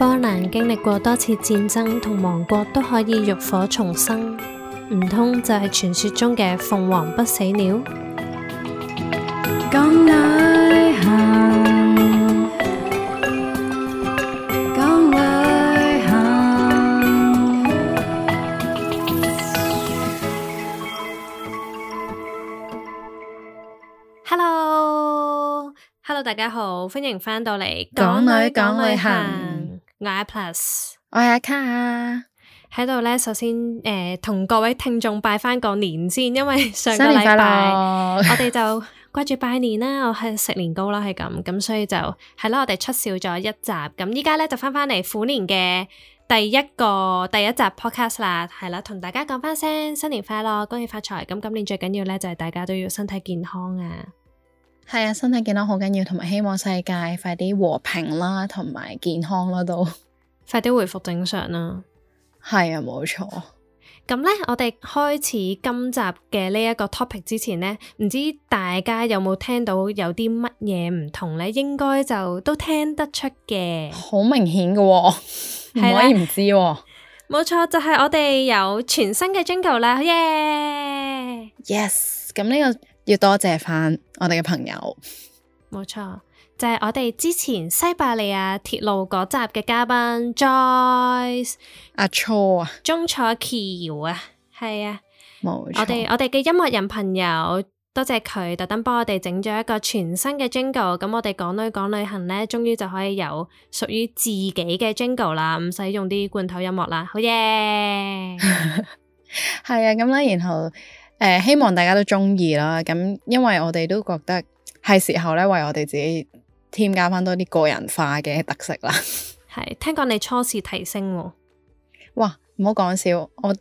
波蘭經歷過多次戰爭同亡國，都可以浴火重生，唔通就係傳說中嘅鳳凰不死鳥？港女講旅行，港女講旅行。Hello，Hello，大家好，歡迎返到嚟港女講旅行。我係阿 Car。u 喺度咧。首先誒，同、呃、各位聽眾拜翻個年先，因為上個禮拜我哋就掛住拜年、年、 年啦，我係食年糕啦，係咁咁，所以就係啦。我哋出少咗一集，咁依家咧就翻翻嚟虎年嘅第一個第一集 Podcast 啦，係啦，同大家講翻聲新年快樂，恭喜發財。咁今年最緊要咧就係大家都要身體健康啊！係啊，身體健康好緊要，同埋希望世界快啲和平啦，同埋健康啦，都快啲回復正常啦。係啊，冇錯。咁咧，我哋開始今集嘅呢一個 topic 之前咧，唔知大家有冇聽到有啲乜嘢唔同咧？應該就都聽得出嘅，好明顯㗎、啊，唔、 啊、可以唔知、啊。冇錯，就係、是、我哋有全新嘅 Jingle 啦 y、Yeah! Yes 咁呢、yes, 呢個。要多謝返我哋嘅朋友，冇錯，就係、是、我哋之前西伯利亞鐵路嗰集嘅嘉賓 Joyce 阿 Chor 啊，鍾楚翹啊，係啊錯，冇錯，我哋我哋嘅音樂人朋友，多謝佢特登幫我哋整咗一個全新嘅 Jingle。咁我哋港女講旅行咧，終於就可以有屬於自己嘅 Jingle 啦，唔使用啲罐頭音樂啦，好嘢，係 啊，咁咧，然後。誒、呃，希望大家都中意啦。咁，因為我哋都覺得係時候咧，為我哋自己添加翻多啲個人化嘅特色啦。係，聽講你初時提升、哦，哇，唔好講笑。我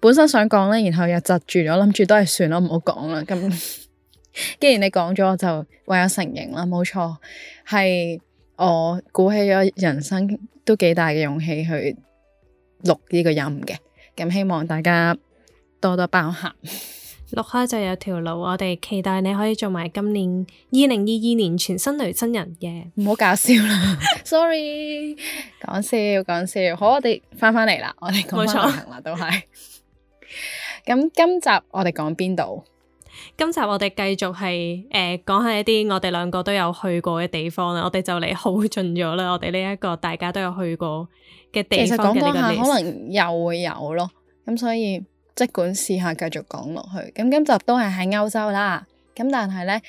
本身想講咧，然後又窒住咗，諗住都係算啦，唔好講啦。咁 既然你講咗，我就唯有承認啦。冇錯，係我鼓起咗人生都幾大嘅勇氣去錄呢個音嘅。咁希望大家多多包涵。落開就有條路，我哋期待你可以做埋今年二零二二年全新雷新人嘅。唔好搞笑啦 ，sorry，講笑講笑。好，我哋翻返嚟啦，我哋講翻旅行啦，沒錯 都係是。咁 今集我哋講邊度？今集我哋繼續係誒，講、呃、下一啲我哋兩個都有去過嘅地方啦。我哋就嚟耗盡咗啦，我哋呢一個大家都有去過嘅地方。其實講講下可能又會有咯，咁所以。即管試下繼續講落去，咁今集都係喺歐洲啦。咁但係呢，誒、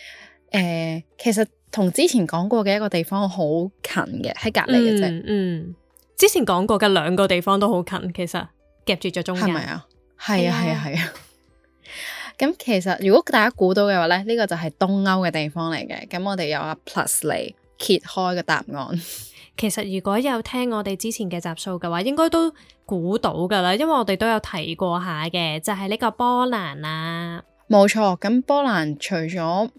呃，其實同之前講過嘅一個地方好近嘅，喺隔離嘅啫、嗯。嗯，之前講過嘅兩個地方都好近，其實夾住咗中間，係咪啊？係啊，係啊，係啊！咁、啊、 其實如果大家估到嘅話呢，呢、呢個就係東歐嘅地方嚟嘅。咁我哋有啊 Plus 嚟揭開個答案。 其實如果有聽我哋之前嘅集數嘅話，應該都估到噶啦，因為我哋都有提過下嘅，就係、是、呢個波蘭啦。冇錯，咁波蘭除咗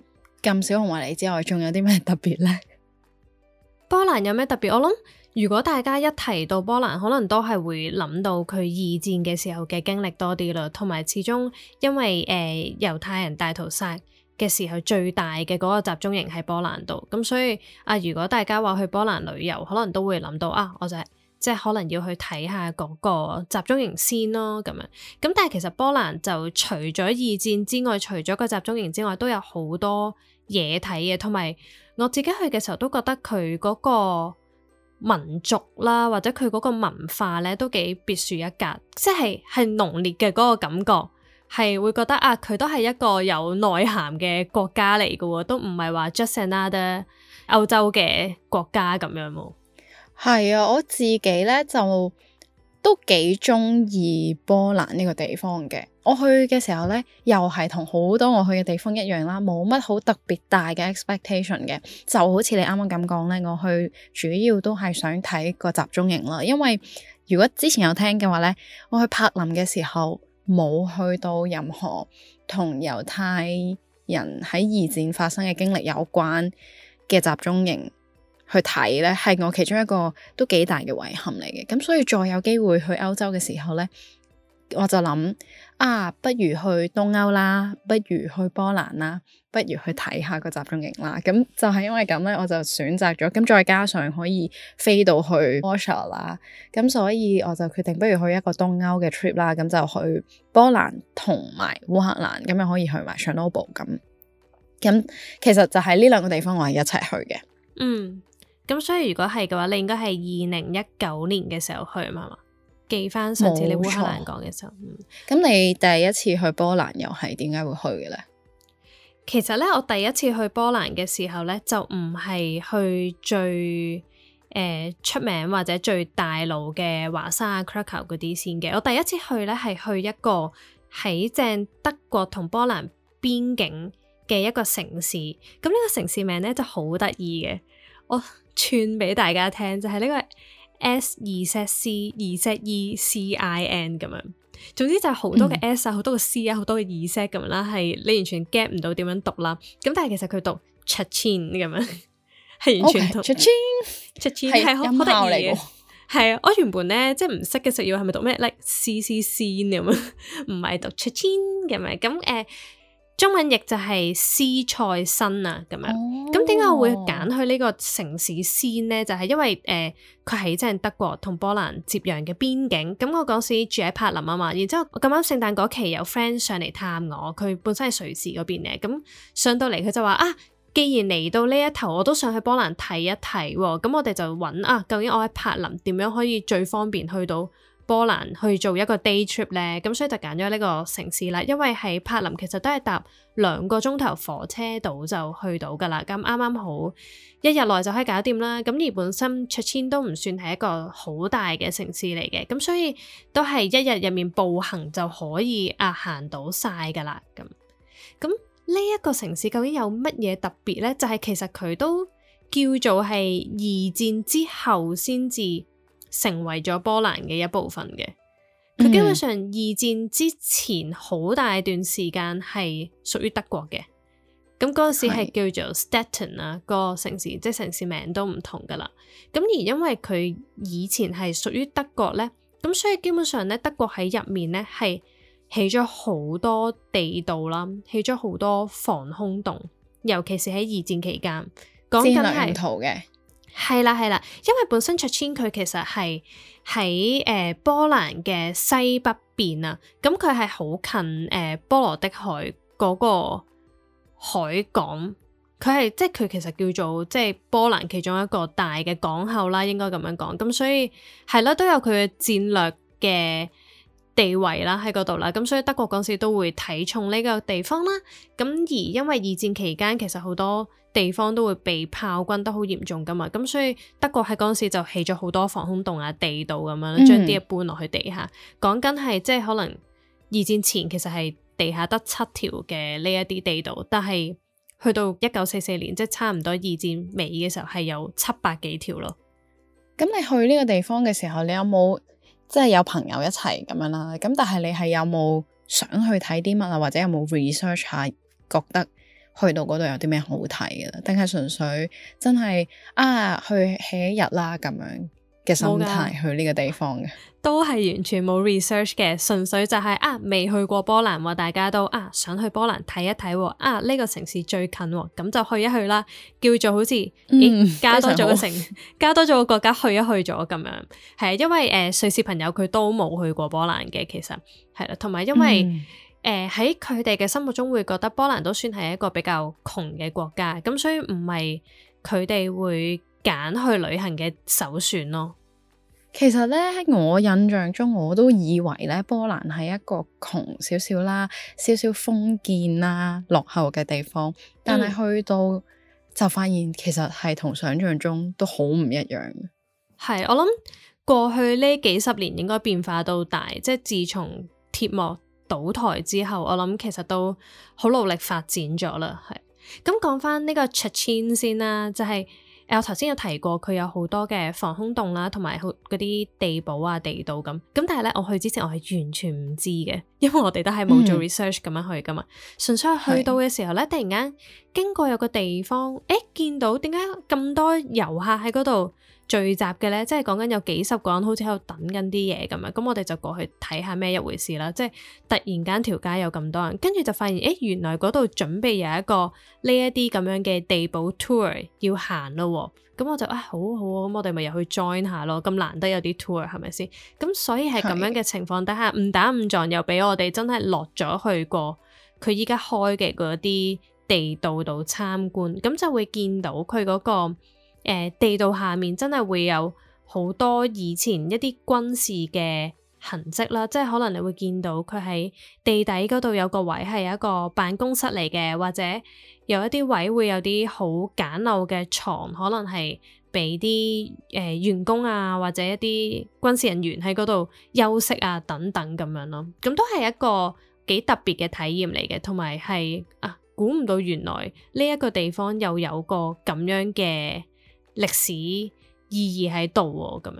咁小紅華嚟之外，仲有啲咩特別呢？波蘭有咩特別？我諗如果大家一提到波蘭，可能都係會諗到佢二戰嘅時候嘅經歷多啲啦，同埋始終因為誒、呃、猶太人大屠殺嘅時候最大嘅嗰個集中營喺波蘭度，咁所以啊，如果大家話去波蘭旅遊，可能都會諗到啊，我就係、是、即係可能要去睇下嗰個集中營先咯，咁樣。咁但係其實波蘭就除咗二戰之外，除咗個集中營之外，都有好多嘢睇嘅，同埋我自己去嘅時候都覺得佢嗰個民族啦，或者佢嗰個文化咧都幾別樹一格，即係係濃烈嘅嗰、那個感覺。係會覺得啊，佢都係一個有內涵嘅國家嚟㗎，都唔係話 just another 歐洲嘅國家咁樣。係啊，我自己呢就都幾中意波蘭呢個地方嘅。我去嘅時候呢，又係同好多我去嘅地方一樣啦，冇乜好特別大嘅 expectation 嘅，就好似你啱啱咁講呢，我去主要都係想睇個集中營啦。因為如果之前有聽嘅話呢，我去柏林嘅時候。冇去到任何同猶太人喺二戰發生嘅經歷有關嘅集中營去睇呢，係我其中一個都幾大嘅遺憾嚟嘅。咁所以再有機會去歐洲嘅時候呢，我就諗啊，不如去東歐啦，不如去波蘭啦。不如去睇下個集中營啦，咁就係因為咁咧，我就選擇咗，咁再加上可以飛到去 Moscow 啦，咁所以我就決定不如去一個東歐嘅 trip 啦，咁就去波蘭同埋烏克蘭，咁又可以去埋 Chernobyl 咁。咁其實就係呢兩個地方我，我係一齊去嘅。嗯，咁所以如果係嘅話，你應該係二零一九年嘅時候去啊嘛，記翻上次你烏克蘭講嘅時候。冇錯。嗯，咁你第一次去波蘭又係點解會去嘅咧？其實咧，我第一次去波蘭嘅時候咧，就唔係去最誒、呃、出名或者最大路嘅華沙啊、克拉科嗰啲先嘅。我第一次去咧，係去一個喺正德國同波蘭邊境嘅一個城市。咁呢個城市名咧就好得意嘅，我串俾大家聽，就係、是、呢個 S Z C Z E C I N 咁樣。總之就係好多嘅 S 啊，好、嗯、多嘅 C 啊，好、嗯、多嘅二 set 咁啦，係你完全 get 唔到點樣讀啦。咁但係其實佢讀 chachin 咁樣，係完全讀 chachin，chachin 係好得意嘅。係啊，我原本咧即係唔識嘅時候，以為係咪讀咩 like c c c 咁樣，唔係讀 chachin 咁樣。咁誒。呃中文譯就係斯菜新啊咁樣，咁點解我會揀去呢個城市先呢？就係因為誒，佢喺真係德國同波蘭接壤嘅邊境。咁我嗰時住喺柏林啊嘛，然之後我咁啱聖誕嗰期有 friend 上嚟探我，佢本身係瑞士嗰邊嘅，咁上到嚟佢就話啊，既然嚟到呢一頭，我都想去波蘭睇一睇喎、啊。咁我哋就揾啊，究竟我喺柏林點樣可以最方便去到？波蘭去做一個 day trip 咧，咁所以就揀咗呢個城市啦。因為喺柏林其實都係搭兩個鐘頭火車到就去到噶啦，咁啱啱好一日內就可以搞掂啦。咁而本身出克都唔算係一個好大嘅城市嚟嘅，咁、嗯、所以都係一日入面步行就可以啊行到晒噶啦。咁咁呢一個城市究竟有乜嘢特別呢？就係、是、其實佢都叫做係二戰之後先至。成為咗波蘭嘅一部分嘅，佢基本上二戰之前好大段時間係屬於德國嘅，咁嗰、嗯、時係叫做 Stettin 啊，個城市，即係城市名都唔同噶啦。咁而因為佢以前係屬於德國呢，咁所以基本上咧，德國喺入面咧係起咗好多地道啦，起咗好多防空洞，尤其是喺二戰期間，講緊係。係啦，係啦，因為本身出千佢其實係喺誒波蘭嘅西北邊啊，咁佢係好近誒、呃、波羅的海嗰個海港，佢係即係佢其實叫做即係波蘭其中一個大嘅港口啦，應該咁樣講。咁所以係啦，都有佢嘅戰略嘅地位啦喺嗰度啦。咁所以德國嗰時都會睇重呢個地方啦。咁而因為二戰期間其實好多地方都會被炮轟得好嚴重㗎嘛，咁所以德國喺嗰陣時就起咗好多防空洞啊、地道咁樣啦，將啲嘢搬落去地下。講緊係即係可能二戰前其實係地下得七條嘅呢一啲地道，但係去到一九四四年，即係差唔多二戰尾嘅時候，係有七百幾條咯。咁你去呢個地方嘅時候，你有冇即係有朋友一齊咁樣啦？咁但係你係有冇想去睇啲乜啊？或者有冇 research 下覺得？去到嗰度有啲咩好睇嘅，定係純粹真係啊去起一日啦咁樣嘅心態去呢個地方嘅，都係完全冇 research 嘅，純粹就係、是、啊未去過波蘭、啊，大家都啊想去波蘭睇一睇、啊，啊呢、這個城市最近、啊，咁就去一去啦，叫做好似、嗯欸、加多咗個城，加多咗個國家去一去咗咁樣，係啊，因為誒、呃、瑞士朋友佢都冇去過波蘭嘅，其實係啦，同埋因為。嗯誒喺佢哋嘅心目中會覺得波蘭都算係一個比較窮嘅國家，咁所以唔係佢哋會揀去旅行嘅首選咯。其實呢，喺我印象中，我都以為呢波蘭係一個窮少少啦、少少封建啦、落後嘅地方，但係去到、嗯、就發現其實係同想像中都好唔一樣嘅。係我諗過去呢幾十年應該變化到大，即係自從鐵幕。倒台之後，我諗其實都好努力發展咗啦，係。咁講翻呢個切切先啦，就係、是、誒我頭先有提過，佢有好多嘅防空洞啦，同埋好嗰啲地堡啊、地道咁。咁但係咧，我去之前我係完全唔知嘅，因為我哋都係冇做 research 咁樣去㗎嘛，嗯、純粹去到嘅時候咧，的突然間經過有個地方，誒、欸、見到點解咁多遊客喺嗰度？聚集嘅呢，即係講緊有幾十個人，好似喺度等緊啲嘢咁樣。咁我哋就過去睇下咩一回事啦。即係突然間條街有咁多人，跟住就發現，誒、欸、原來嗰度準備有一個呢一啲咁樣嘅地堡 tour 要行咯。咁我就啊好好，咁我哋咪入去 join 下咯。咁難得有啲 tour 係咪先？咁所以係咁樣嘅情況底下，誤打誤撞又俾我哋真係落咗去過佢依家開嘅嗰啲地道度參觀，咁就會見到佢嗰、那個。誒，地道下面真係會有好多以前一啲軍事嘅痕跡啦，即係可能你會見到佢喺地底嗰度有個位係一個辦公室嚟嘅，或者有一啲位會有啲好簡陋嘅牀，可能係俾啲誒員工啊或者一啲軍事人員喺嗰度休息啊等等咁樣咯。咁都係一個幾特別嘅體驗嚟嘅，同埋係啊，估唔到原來呢一個地方又有個咁樣嘅。歷史意義喺度喎，咁樣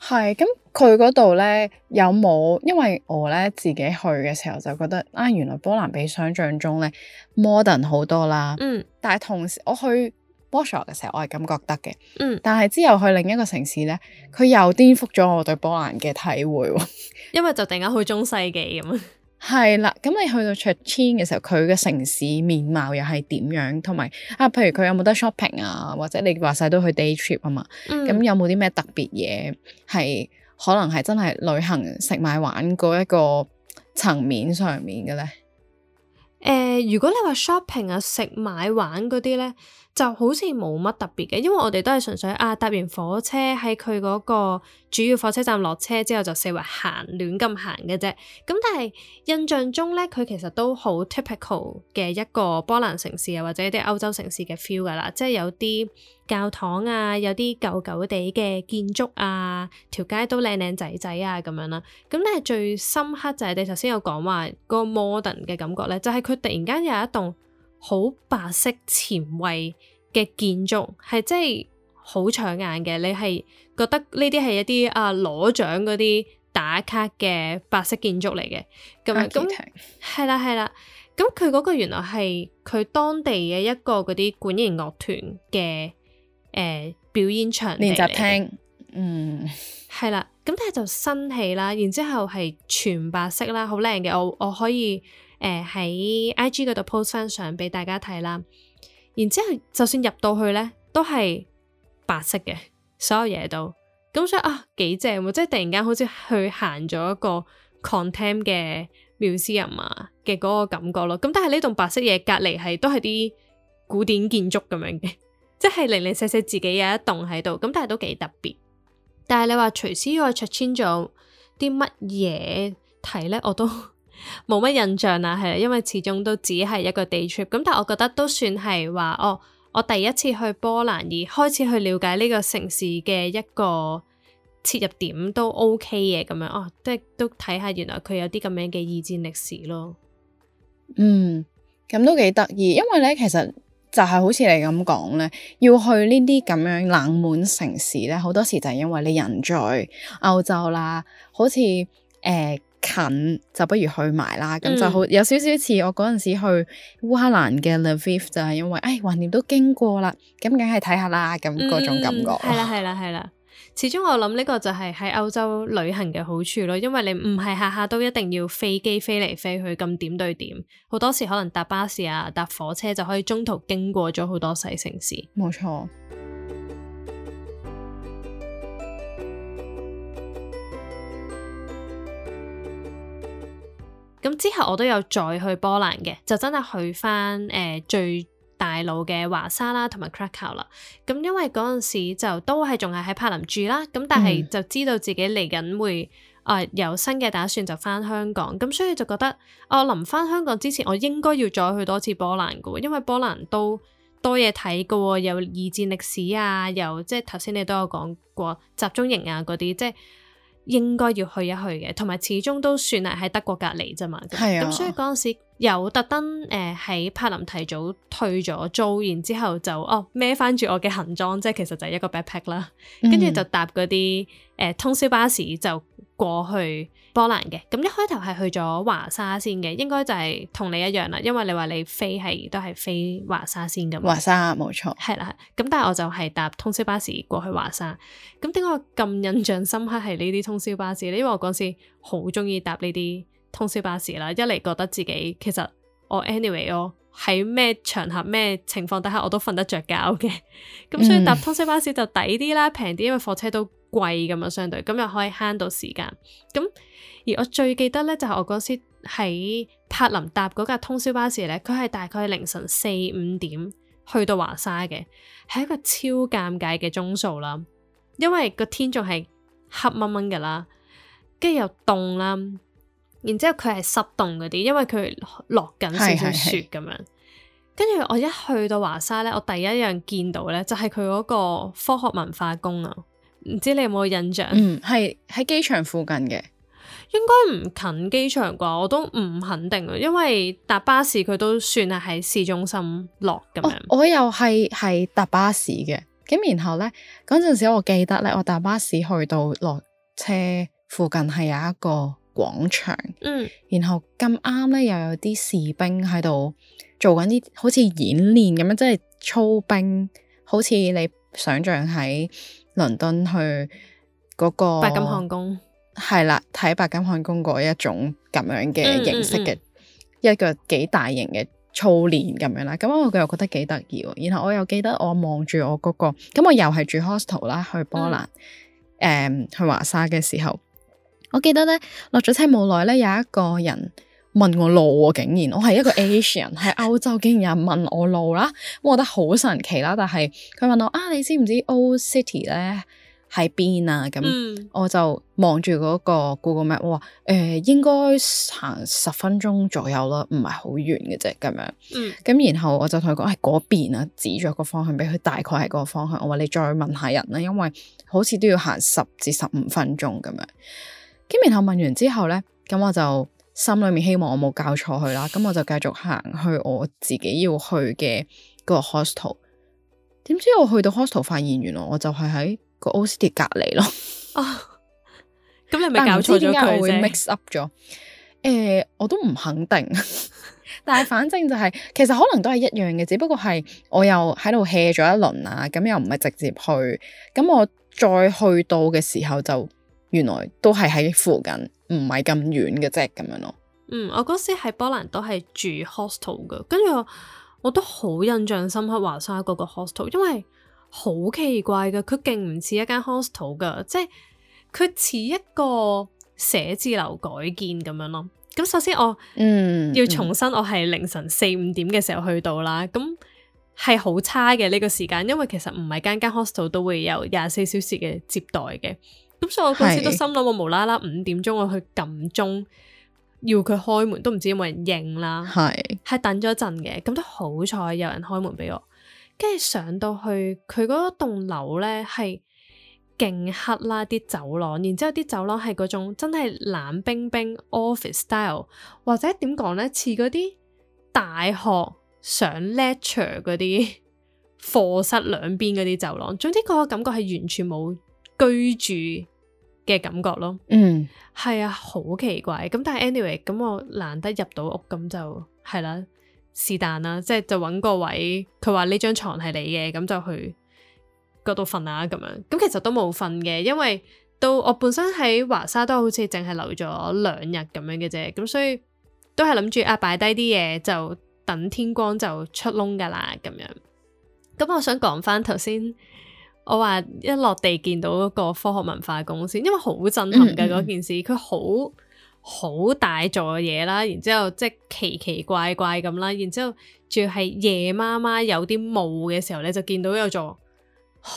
係。咁佢嗰度咧有冇？因為我咧自己去嘅時候就覺得啊，原來波蘭比想象中咧 modern 好多啦。嗯。但係同時我去 Warsaw 嘅時候，我係咁覺得嘅。嗯。但係之後去另一個城市咧，佢又顛覆咗我對波蘭嘅體會喎。 因為就突然間去中世紀咁樣。係啦，咁你去到卓千嘅時候，佢嘅城市面貌又係點樣？同埋啊，譬如佢有冇得 shopping 啊？或者你話晒都去 day trip 啊嘛？咁、嗯、有冇啲咩特別嘢係可能係真係旅行食買玩嗰一個層面上面嘅咧？誒、呃，如果你話 shopping 啊、食買玩嗰啲咧。就好似冇乜特別嘅，因為我哋都係純粹啊搭完火車喺佢嗰個主要火車站落車之後就四圍行，亂咁行嘅啫。咁但係印象中呢，佢其實都好 typical 嘅一個波蘭城市又或者一啲歐洲城市嘅 feel 噶啦，即係有啲教堂啊，有啲舊舊地嘅建築啊，條街都靚靚仔仔仔啊咁樣啦。咁但係最深刻就係你頭先有講話個 modern 嘅感覺呢，就係佢突然間有一棟，好白色前衛嘅建築，係即係好搶眼嘅。你係覺得呢啲係一啲啊攞獎嗰啲打卡嘅白色建築嚟嘅咁樣，係啦係啦。咁佢嗰個原來係佢當地嘅一個嗰啲管弦樂團嘅誒、呃、表演場、練習廳，嗯，係啦。咁但係就新起啦，然之後係全白色啦，好靚嘅。我我可以。誒喺、呃、IG 嗰度 post 翻相俾大家睇啦，然之後就算入到去呢，都係白色嘅，所有嘢都咁，所以啊幾正喎！即係突然間好似去行咗一個 contem 嘅 museum 啊嘅嗰個感覺咯。咁但係呢棟白色嘢隔離係都係啲古典建築咁樣嘅，即 係零零細細自己有一棟喺度，咁但係都幾特別。但係你話除此之外 c h a 咗啲乜嘢睇呢？我都。 冇乜印象啦，係因為始終都只係一個 day trip，咁但係我覺得都算係話哦，我第一次去波蘭，而開始去了解呢個城市嘅一個切入點都 OK 嘅咁樣哦，即係都睇下原來佢有啲咁樣嘅二戰歷史咯。嗯，咁都幾得意，因為咧其實就係好似你咁講咧，要去呢啲咁樣冷門城市咧，好多時就係因為你人在歐洲啦，好似誒。欸近就不如去埋啦，咁就好、嗯、有少少似我嗰陣時去烏克蘭嘅 Lviv 就係因為，誒橫掂，都經過啦，咁梗係睇下啦，咁嗰、嗯、種感覺。係啦係啦係啦，始終我諗呢個就係喺歐洲旅行嘅好處咯，因為你唔係下下都一定要飛機飛嚟飛去咁點對點，好多時可能搭巴士啊搭火車就可以中途經過咗好多細城市。冇錯。咁之後我都有再去波蘭嘅，就真係去翻誒、呃、最大路嘅華沙啦，同埋 Krakow 啦。咁因為嗰陣時就都係仲係喺柏林住啦，咁、嗯、但係就知道自己嚟緊會啊、呃、有新嘅打算就返香港，咁所以就覺得我、呃、臨返香港之前，我應該要再去多次波蘭嘅，因為波蘭都多嘢睇嘅喎，有二戰歷史啊，又即係頭先你都有講過集中營啊嗰啲，即係。應該要去一去嘅，同埋始終都算係喺德國隔離啫嘛。咁、啊、所以嗰陣時有特登誒喺柏林提早退咗租，然之後就哦孭翻住我嘅行裝，即係其實就係一個 backpack 啦，跟住就搭嗰啲誒通宵巴士就。過去波蘭嘅，咁一開頭係去咗華沙先嘅，應該就係同你一樣啦，因為你話你飛係都係飛華沙先咁。華沙，冇錯。係啦，咁但係我就係搭通宵巴士過去華沙，咁點解我咁印象深刻係呢啲通宵巴士咧？因為我嗰時好中意搭呢啲通宵巴士啦，一嚟覺得自己其實我 anyway 我喺咩場合咩情況底下我都瞓得着覺嘅，咁 所以搭通宵巴士就抵啲啦，平啲，嗯，因為火車都。貴咁樣，相對咁又可以慳到時間。咁而我最記得咧，就係、是、我嗰時喺柏林搭嗰架通宵巴士咧，佢係大概凌晨四五點去到華沙嘅，係一個超尷尬嘅鐘數啦。因為個天仲係黑掹掹噶啦，跟住又凍啦，然之後佢係濕凍嗰啲，因為佢落緊少少雪咁樣。跟住我一去到華沙咧，我第一樣見到咧，就係佢嗰個科學文化宮啊。唔知你有冇印象？嗯，係喺機場附近嘅，應該唔近機場啩，我都唔肯定咯。因為搭巴士佢都算係喺市中心落咁樣。我，我又係係搭巴士嘅，咁然後咧嗰陣時我記得咧，我搭巴士去到落車附近係有一個廣場，嗯，然後咁啱咧又有啲士兵喺度做緊啲好似演練咁樣，即係操兵，好似你。想象喺倫敦去嗰、那個白金漢宮，係啦，睇白金漢宮嗰一種咁樣嘅形式嘅、嗯嗯嗯、一個幾大型嘅操練咁樣啦，咁我佢又覺得幾得意喎。然後我又記得我望住我嗰、那個，咁我又係住 hostel 啦，去波蘭，誒、嗯，去華沙嘅時候，我記得咧落咗車冇耐咧，有一個人。問我路喎、啊，竟然我係一個 Asian，喺 歐洲竟然有人問我路啦、啊，我覺得好神奇啦、啊。但係佢問我啊，你知唔知 Old City 咧喺邊啊？咁我就望住嗰個 Google Map，話，誒、呃、應該行十分鐘左右啦，唔係好遠嘅啫咁樣。咁、嗯、然後我就同佢講喺嗰邊啊，指咗個方向俾佢，大概係嗰個方向。我話你再問下人啦、啊，因為好似都要行十至十五分鐘咁樣。咁然後問完之後咧，咁我就。心裏面希望我冇教錯佢啦，咁我就繼續行去我自己要去嘅個 hostel。點知我去到 hostel，發現原來我就係喺個 o s t 隔離咯。哦，咁你咪搞錯咗。點解我會 mix up 咗。誒、呃，我都唔肯定， 但係反正就係、是、其實可能都係一樣嘅，只不過係我又喺度 hea 咗一輪啊，咁又唔係直接去，咁我再去到嘅時候就。原來都係喺附近，唔係咁遠嘅啫，咁樣咯。嗯，我嗰時喺波蘭都係住 hostel 嘅，跟住我我都好印象深刻華沙嗰個 hostel，因為好奇怪嘅，佢勁唔似一間 hostel 噶，即係佢似一個寫字樓改建咁樣咯。咁首先我嗯，嗯，要重申我係凌晨四五點嘅時候去到啦，咁係好差嘅呢個時間，因為其實唔係間間 hostel 都會有廿四小時嘅接待嘅。咁所以我嗰次都心諗，我無啦啦五點鐘我去撳鐘，要佢開門都唔知有冇人應啦。係是，係等咗一陣嘅，咁都好彩有人開門俾我。跟住上到去佢嗰棟樓呢係勁黑啦，啲走廊，然之後啲走廊係嗰種真係冷冰冰 office style，或者點講呢？似嗰啲大學上 lecture 嗰啲課室兩邊嗰啲走廊，總之個感覺係完全冇。居住嘅感覺咯，嗯，係啊，好奇怪。咁但係 anyway，咁我難得入到屋，咁就係啦，是但啦。即係就揾個位，佢話呢張床係你嘅，咁就去嗰度瞓啊，咁樣。咁其實都冇瞓嘅，因為到我本身喺華沙都好似淨係留咗兩日咁樣嘅啫，咁所以都係諗住啊擺低啲嘢，就等天光就出窿噶啦，咁樣。咁我想講翻頭先。我話一落地見到嗰個科學文化宮，因為好震撼嘅嗰件事，佢好好大座嘢啦，然之後即係奇奇怪怪咁啦，然之後仲要係夜媽媽有啲霧嘅時候咧，就見到有座、呃、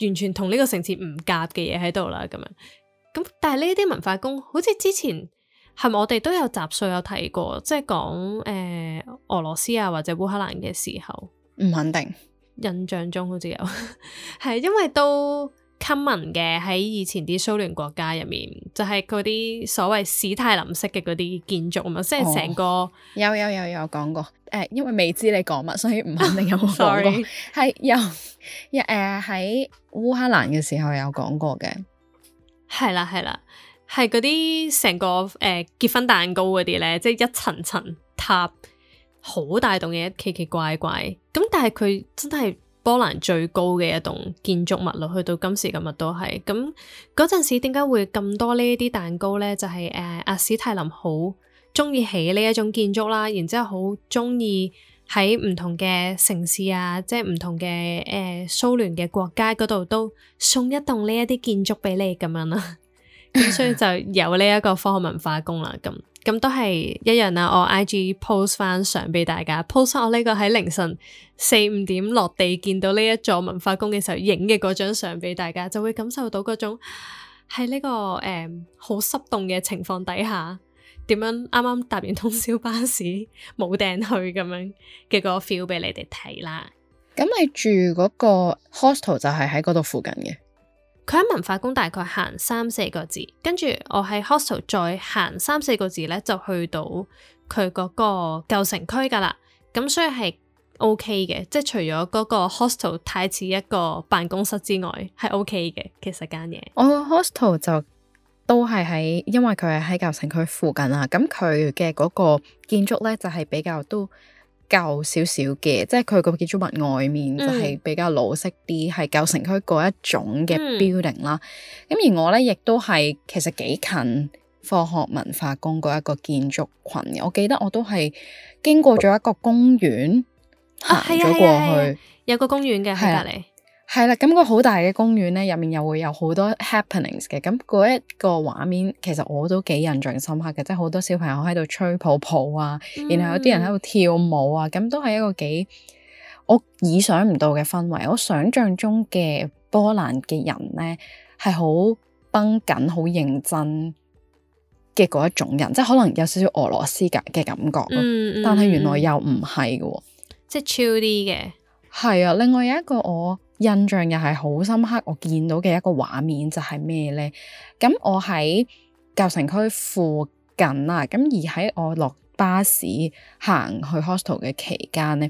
完全同呢個城市唔夾嘅嘢喺度啦，咁樣。咁但係呢啲文化宮，好似之前係咪我哋都有集數有睇過，即係講誒俄羅斯啊或者烏克蘭嘅時候，唔肯定。印象中好似有，係 因為都 common 嘅喺以前啲蘇聯國家入面，就係嗰啲所謂史泰林式嘅嗰啲建築啊嘛，哦、即係成個有有有有講過，誒、呃，因為未知你講乜，所以唔肯定有冇講過，係有誒喺烏克蘭嘅時候有講過嘅，係啦係啦，係嗰啲成個誒、呃、結婚蛋糕嗰啲咧，即係一層層塔。好大棟嘢，奇奇怪怪，咁但係佢真係波蘭最高嘅一棟建築物咯，去到今時今日都係。咁嗰陣時點解會咁多呢一啲蛋糕呢？就係誒阿史太林好中意起呢一種建築啦，然之後好中意喺唔同嘅城市啊，即係唔同嘅誒蘇聯嘅國家嗰度都送一棟呢一啲建築俾你咁樣啦、啊。咁 所以就有呢一個科學文化宮啦咁。咁都係一樣啦，我 IG post 翻相俾大家，post 我呢個喺凌晨四五點落地見到呢一座文化宮嘅時候影嘅嗰張相俾大家，就會感受到嗰種喺呢、呢個誒好、嗯、濕凍嘅情況底下，點樣啱啱搭完通宵巴士冇掟去咁樣嘅個 feel 俾你哋睇啦。咁你住嗰個 hostel 就係喺嗰度附近嘅。佢喺文化宮大概行三四個字，跟住我喺 hostel 再行三四個字呢，就去到佢嗰個舊城區噶啦，咁所以係 OK 嘅，即係除咗嗰個 hostel 太似一個辦公室之外，係 OK 嘅，其實間嘢我個 hostel 就都係喺，因為佢係喺舊城區附近啊，咁佢嘅嗰個建築呢，就係、是、比較都。舊少少嘅，即係佢個建築物外面就係比較老式啲，係舊、嗯、城區嗰一種嘅 building 啦。咁、嗯、而我咧亦都係，其實幾近科學文化宮嗰一個建築群。我記得我都係經過咗一個公園行咗過去，啊啊啊啊啊、有個公園嘅喺隔籬。係啦，咁、那個好大嘅公園咧，入面又會有好多 happenings 嘅。咁嗰一個畫面，其實我都幾印象深刻嘅，即係好多小朋友喺度吹泡泡啊，嗯、然後有啲人喺度跳舞啊，咁都係一個幾我意想唔到嘅氛圍。我想象中嘅波蘭嘅人咧，係好繃緊、好認真嘅嗰一種人，即係可能有少少俄羅斯嘅嘅感覺。嗯嗯、但係原來又唔係嘅，即係超啲嘅。係、嗯、啊、嗯的，另外有一個我。印象又係好深刻，我見到嘅一個畫面就係咩呢？咁我喺舊城區附近啊，咁而喺我落巴士行去 hostel 嘅期間呢，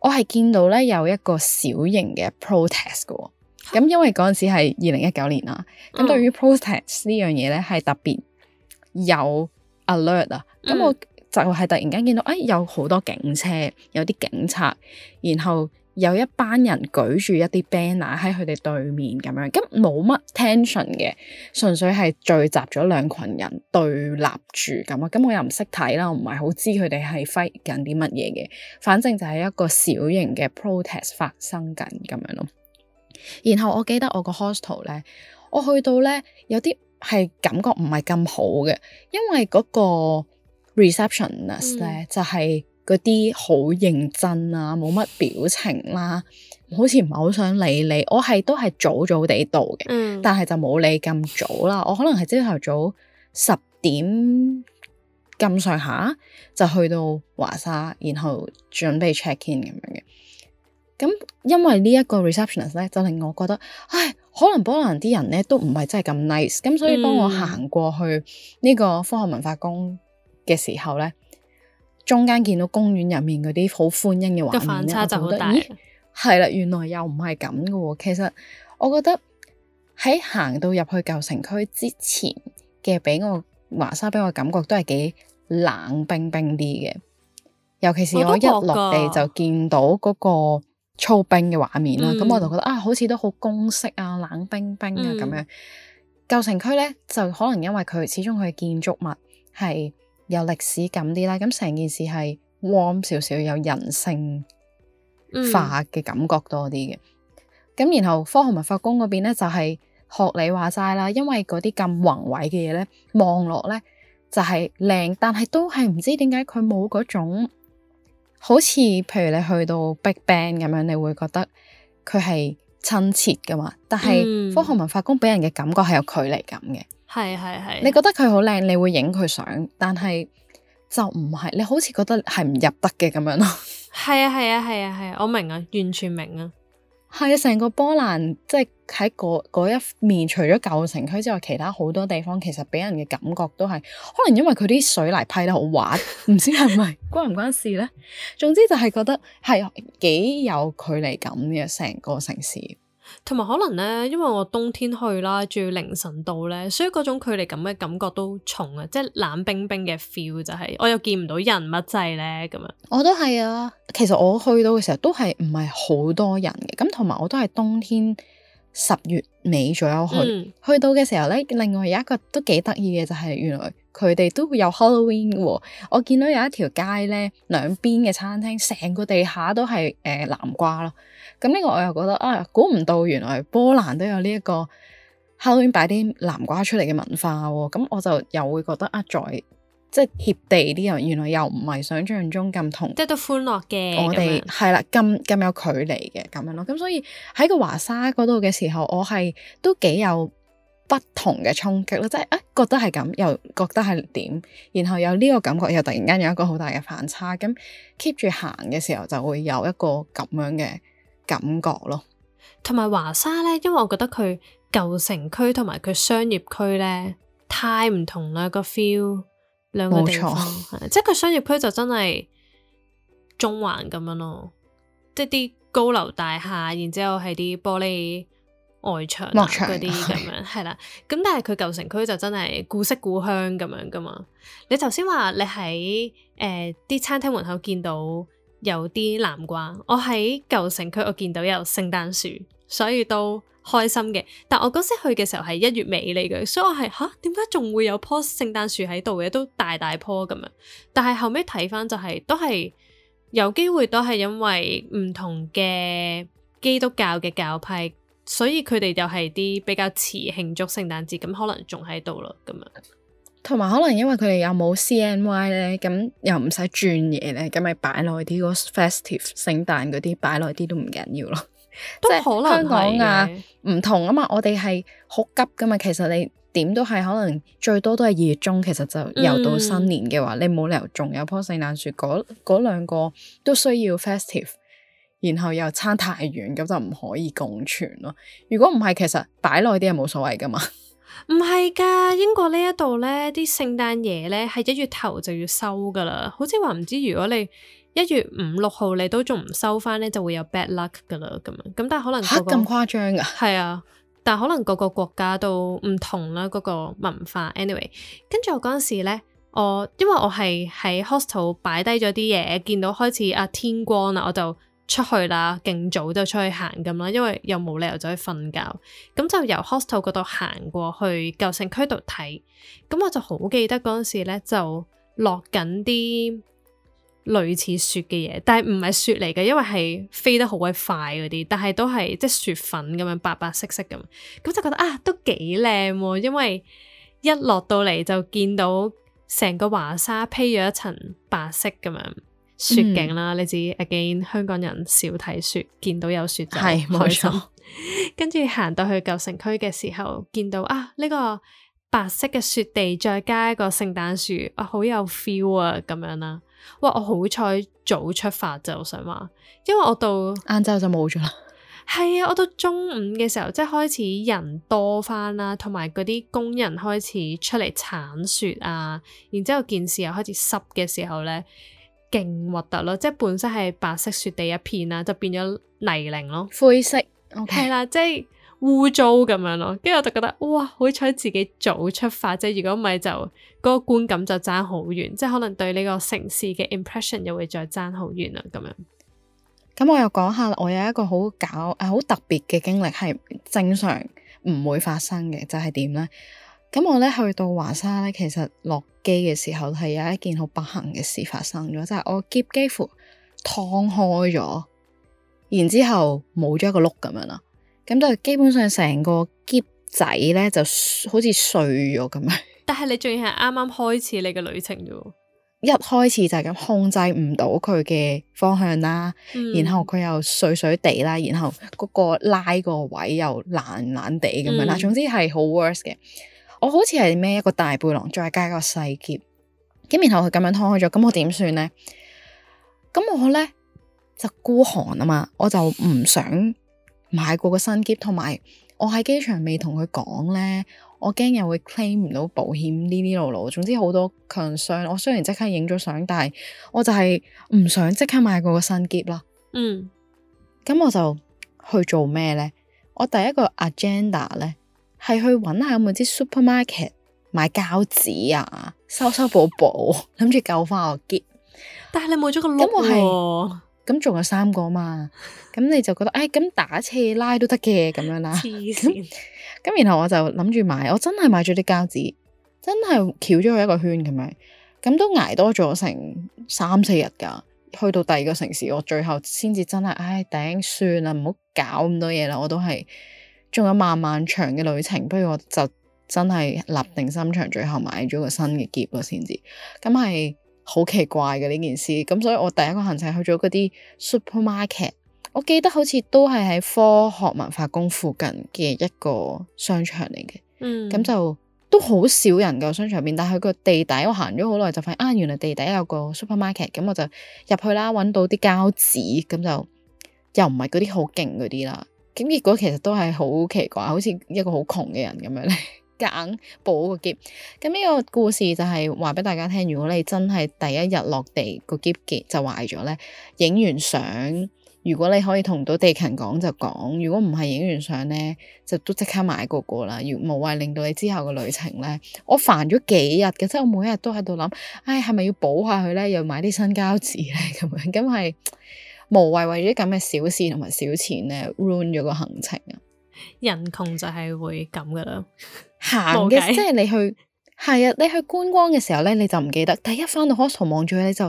我係見到呢有一個小型嘅 protest 嘅。咁因為嗰陣時係二零一九年啊，咁對於 protest 呢樣嘢呢，係特別有 alert 啊。咁我就係突然間見到，哎，有好多警車，有啲警察，然後。有一班人舉住一啲 banner 喺佢哋對面咁樣，咁冇乜 tension 嘅，純粹係聚集咗兩群人對立住咁啊！咁我又唔識睇啦，我唔係好知佢哋係 fight 緊啲乜嘢嘅，反正就係一個小型嘅 protest 發生緊咁樣咯。然後我記得我個 hostel 咧，我去到咧，有啲係感覺唔係咁好嘅，因為嗰個 receptionist 咧就係、是。嗰啲好認真啊，冇乜表情啦、啊，好似唔係好想理你。我係都係早早地到嘅，嗯、但係就冇你咁早啦。我可能係朝頭早十點咁上下就去到華沙，然後準備 check in 咁樣嘅。咁因為呢一個 receptionist 咧，就令我覺得，唉，可能波蘭啲人咧都唔係真係咁 nice。咁所以當我行過去呢個科學文化宮嘅時候咧。嗯嗯中間見到公園入面嗰啲好歡欣嘅畫面咧，差就好大，我覺得，咦，係啦，原來又唔係咁嘅喎。其實我覺得喺行到入去舊城區之前嘅，俾我華沙俾我感覺都係幾冷冰冰啲嘅。尤其是我一落地就見到嗰個操冰嘅畫面啦，咁我，我就覺得啊，好似都好公式啊，冷冰冰啊咁、嗯、樣。舊城區咧，就可能因為佢始終佢嘅建築物係。有歷史感啲啦，咁成件事係 warm 少少，有人性化嘅感覺多啲嘅。咁、嗯、然後科學文化宮嗰邊咧，就係、是、學你話齋啦，因為嗰啲咁宏偉嘅嘢咧，望落咧就係靚，但係都係唔知點解佢冇嗰種好似譬如你去到 Big Bang 咁樣，你會覺得佢係親切嘅嘛。但係科學文化宮俾人嘅感覺係有距離感嘅。嗯嗯。係係係，是是是，你覺得佢好靚，你會影佢相，但係就唔係，你好似覺得係唔入得嘅咁樣咯。係啊係啊係啊係啊，我明啊，完全明啊。係啊，成個波蘭即係喺嗰一面，除咗舊城區之外，其他好多地方其實俾人嘅感覺都係，可能因為佢啲水泥批得好滑，唔知係咪 關唔關事咧？總之就係覺得係幾有距離感嘅成個城市。同埋可能咧，因為我冬天去啦，仲要凌晨到咧，所以嗰種距離感嘅感覺都重啊，即係冷冰冰嘅 feel 就係，是，我又見唔到人乜滯咧咁樣。我都係啊，其實我去到嘅時候都係唔係好多人嘅，咁同埋我都係冬天十月尾左右去，嗯、去到嘅時候咧，另外有一個都幾得意嘅就係原來。佢哋都會有 Halloween，我見到有一條街呢，兩邊嘅餐廳成個地下都係誒、呃、南瓜咯。咁呢個我又覺得啊，估唔到原來波蘭都有呢一個 Halloween 擺啲南瓜出嚟嘅文化喎。咁我就又會覺得啊，在即係貼地啲人，原來又唔係想像中咁同，得到歡樂嘅。我哋係啦，咁咁有距離嘅咁樣咯。咁所以喺個華沙嗰度嘅時候，我係都幾有，不同嘅衝擊咯，即係啊，覺得係咁，又覺得係點，然後有呢個感覺，又突然間有一個好大嘅反差。咁 keep 住行嘅時候就會有一個咁樣嘅感覺咯。同埋華沙呢，因為我覺得佢舊城區同埋佢商業區呢，太唔同啦，冇錯，個 feel 兩個地方， 即係佢商業區就真係中環咁樣咯，即係啲高樓大廈，然之後係啲玻璃。外牆嗰啲咁樣係啦，咁但係佢舊城區就真係古色古香咁樣噶嘛。你頭先話你喺誒啲餐廳門口見到有啲南瓜，我喺舊城區我見到有聖誕樹，所以都開心嘅。但我嗰時去嘅時候係一月尾嚟嘅，所以我係吓點解仲會有棵聖誕樹喺度嘅？都大大棵咁樣，但係後尾睇翻就係、是、都係有機會都係因為唔同嘅基督教嘅教派。所以佢哋就係啲比較遲慶祝聖誕節，咁可能仲喺度咯，咁樣。同埋可能因為佢哋又冇 CNY 咧，咁又唔使轉嘢咧，咁咪擺耐啲個 festive 聖誕嗰啲擺耐啲都唔緊要咯。都可能嘅。好難講啊，唔同啊嘛，我哋係好急噶嘛。其實你點都係可能最多都係二月中，其實就又到新年嘅話，嗯、你冇理由仲有棵聖誕樹嗰嗰兩個都需要 festive。然後又差太遠，咁就唔可以共存咯。如果唔係，其實擺耐啲係冇所謂噶嘛。唔係噶，英國呢一度呢啲聖誕嘢呢係一月頭就要收噶啦。好似話唔知如果你一月五六號你都仲唔收翻呢，就會有 bad luck 噶啦。咁樣咁，但係可能吓咁誇張啊？係啊，但係可能各個國家都唔同啦，嗰個文化。Anyway，跟住我嗰陣時咧，我因為我係喺 hostel 擺低咗啲嘢，見到開始啊天光啦，我就。出去啦，勁早就出去行咁啦，因為又冇理由走去瞓覺。咁就由 hostel 嗰度行過去舊城區度睇。咁我就好記得嗰陣時呢，就落緊啲類似雪嘅嘢，但係唔係雪嚟嘅，因為係飛得好鬼快嗰啲，但係都係即係雪粉咁樣白白色色咁。咁就覺得啊，都幾靚喎，因為一落到嚟就見到成個華沙披咗一層白色咁樣。雪景啦，嗯、你知 again 香港人少睇雪，見到有雪就開是心。跟住行到去舊城區嘅時候，見到啊呢、呢個白色嘅雪地，再加一個聖誕樹，啊好有 feel 啊咁樣啦。哇！我好彩早出發就想話，因為我到晏晝就冇咗啦。係 啊，我到中午嘅時候，即係開始人多翻啦，同埋嗰啲工人開始出嚟鏟雪啊，然之後件事又開始濕嘅時候咧。勁核突咯，即係本身係白色雪地一片啦，就變咗泥濘咯，灰色係啦，okay，即係污糟咁樣咯。跟住我就覺得哇，好彩自己早出發啫，如果唔係就嗰、嗰個觀感就差好遠，即係可能對呢個城市嘅 impression 又會再差好遠啦。咁樣，咁我又講下，我有一個好搞誒，好特別嘅經歷，係正常唔會發生嘅，就係點呢？咁我咧去到華沙咧，其實落機嘅時候係有一件好不幸嘅事發生咗，就係、是、我篋幾乎趟開咗，然之後冇咗一個碌咁樣啦，咁就基本上成個篋仔咧就好似碎咗咁樣。但係你仲要係啱啱開始你嘅旅程啫，一開始就係咁控制唔到佢嘅方向啦，嗯，然後佢又碎碎地啦，然後嗰個拉個位又爛爛地咁樣啦，嗯、總之係好 worse 嘅。我好似係孭一個大背囊，再加一個細篋，咁然後佢咁樣劏開咗，咁我點算呢？咁我咧就孤寒啊嘛，我就唔想買過個新篋，同埋我喺機場未同佢講咧，我驚又會 claim 唔到保險呢呢路路。總之好多 concern。我雖然即刻影咗相，但係我就係唔想即刻買過個新篋啦。嗯，咁我就去做咩呢？我第一個 agenda 咧。係去搵下有冇啲 supermarket 買膠紙啊，收收補補，諗住救翻我篋。但係你冇咗個窿喎。咁仲有三個嘛？咁 你就覺得，哎，咁打車拉都得嘅，咁樣啦，啊。黐線！咁 然後我就諗住買，我真係買咗啲膠紙，真係繞咗佢一個圈咁樣，咁都挨多咗成三四日噶。去到第二個城市，我最後先至真係，唉、哎、頂，算啦，唔好搞咁多嘢啦，我都係。仲有漫漫長嘅旅程，不如我就真係立定心腸，最後買咗個新嘅篋咯，先至咁係好奇怪嘅呢件事。咁所以我第一個行程去咗嗰啲 supermarket，我記得好似都係喺科學文化宮附近嘅一個商場嚟嘅。嗯，咁就都好少人嘅商場入面，但係佢個地底我行咗好耐就發現啊，原來地底有個 supermarket，咁我就入去啦，揾到啲膠紙，咁就又唔係嗰啲好勁嗰啲啦。咁結果其實都係好奇怪，好似一個好窮嘅人咁樣咧，夾硬補個喼。咁呢個故事就係話俾大家聽，如果你真係第一日落地個喼，喼就壞咗咧，影完相，如果你可以同到地勤講就講，如果唔係影完相咧，就都即刻買嗰個啦，無謂令到你之後嘅旅程咧。我煩咗幾日嘅，即係我每日都喺度諗，唉，係咪要補下佢咧？又買啲新膠紙咧咁樣，咁係。無謂為咗啲咁嘅小事同埋小錢咧，ruin 咗個行程啊！人窮就係會咁噶啦，行嘅的即係你去係啊，你去觀光嘅時候咧，你就唔記得，第一翻到開頭望住你就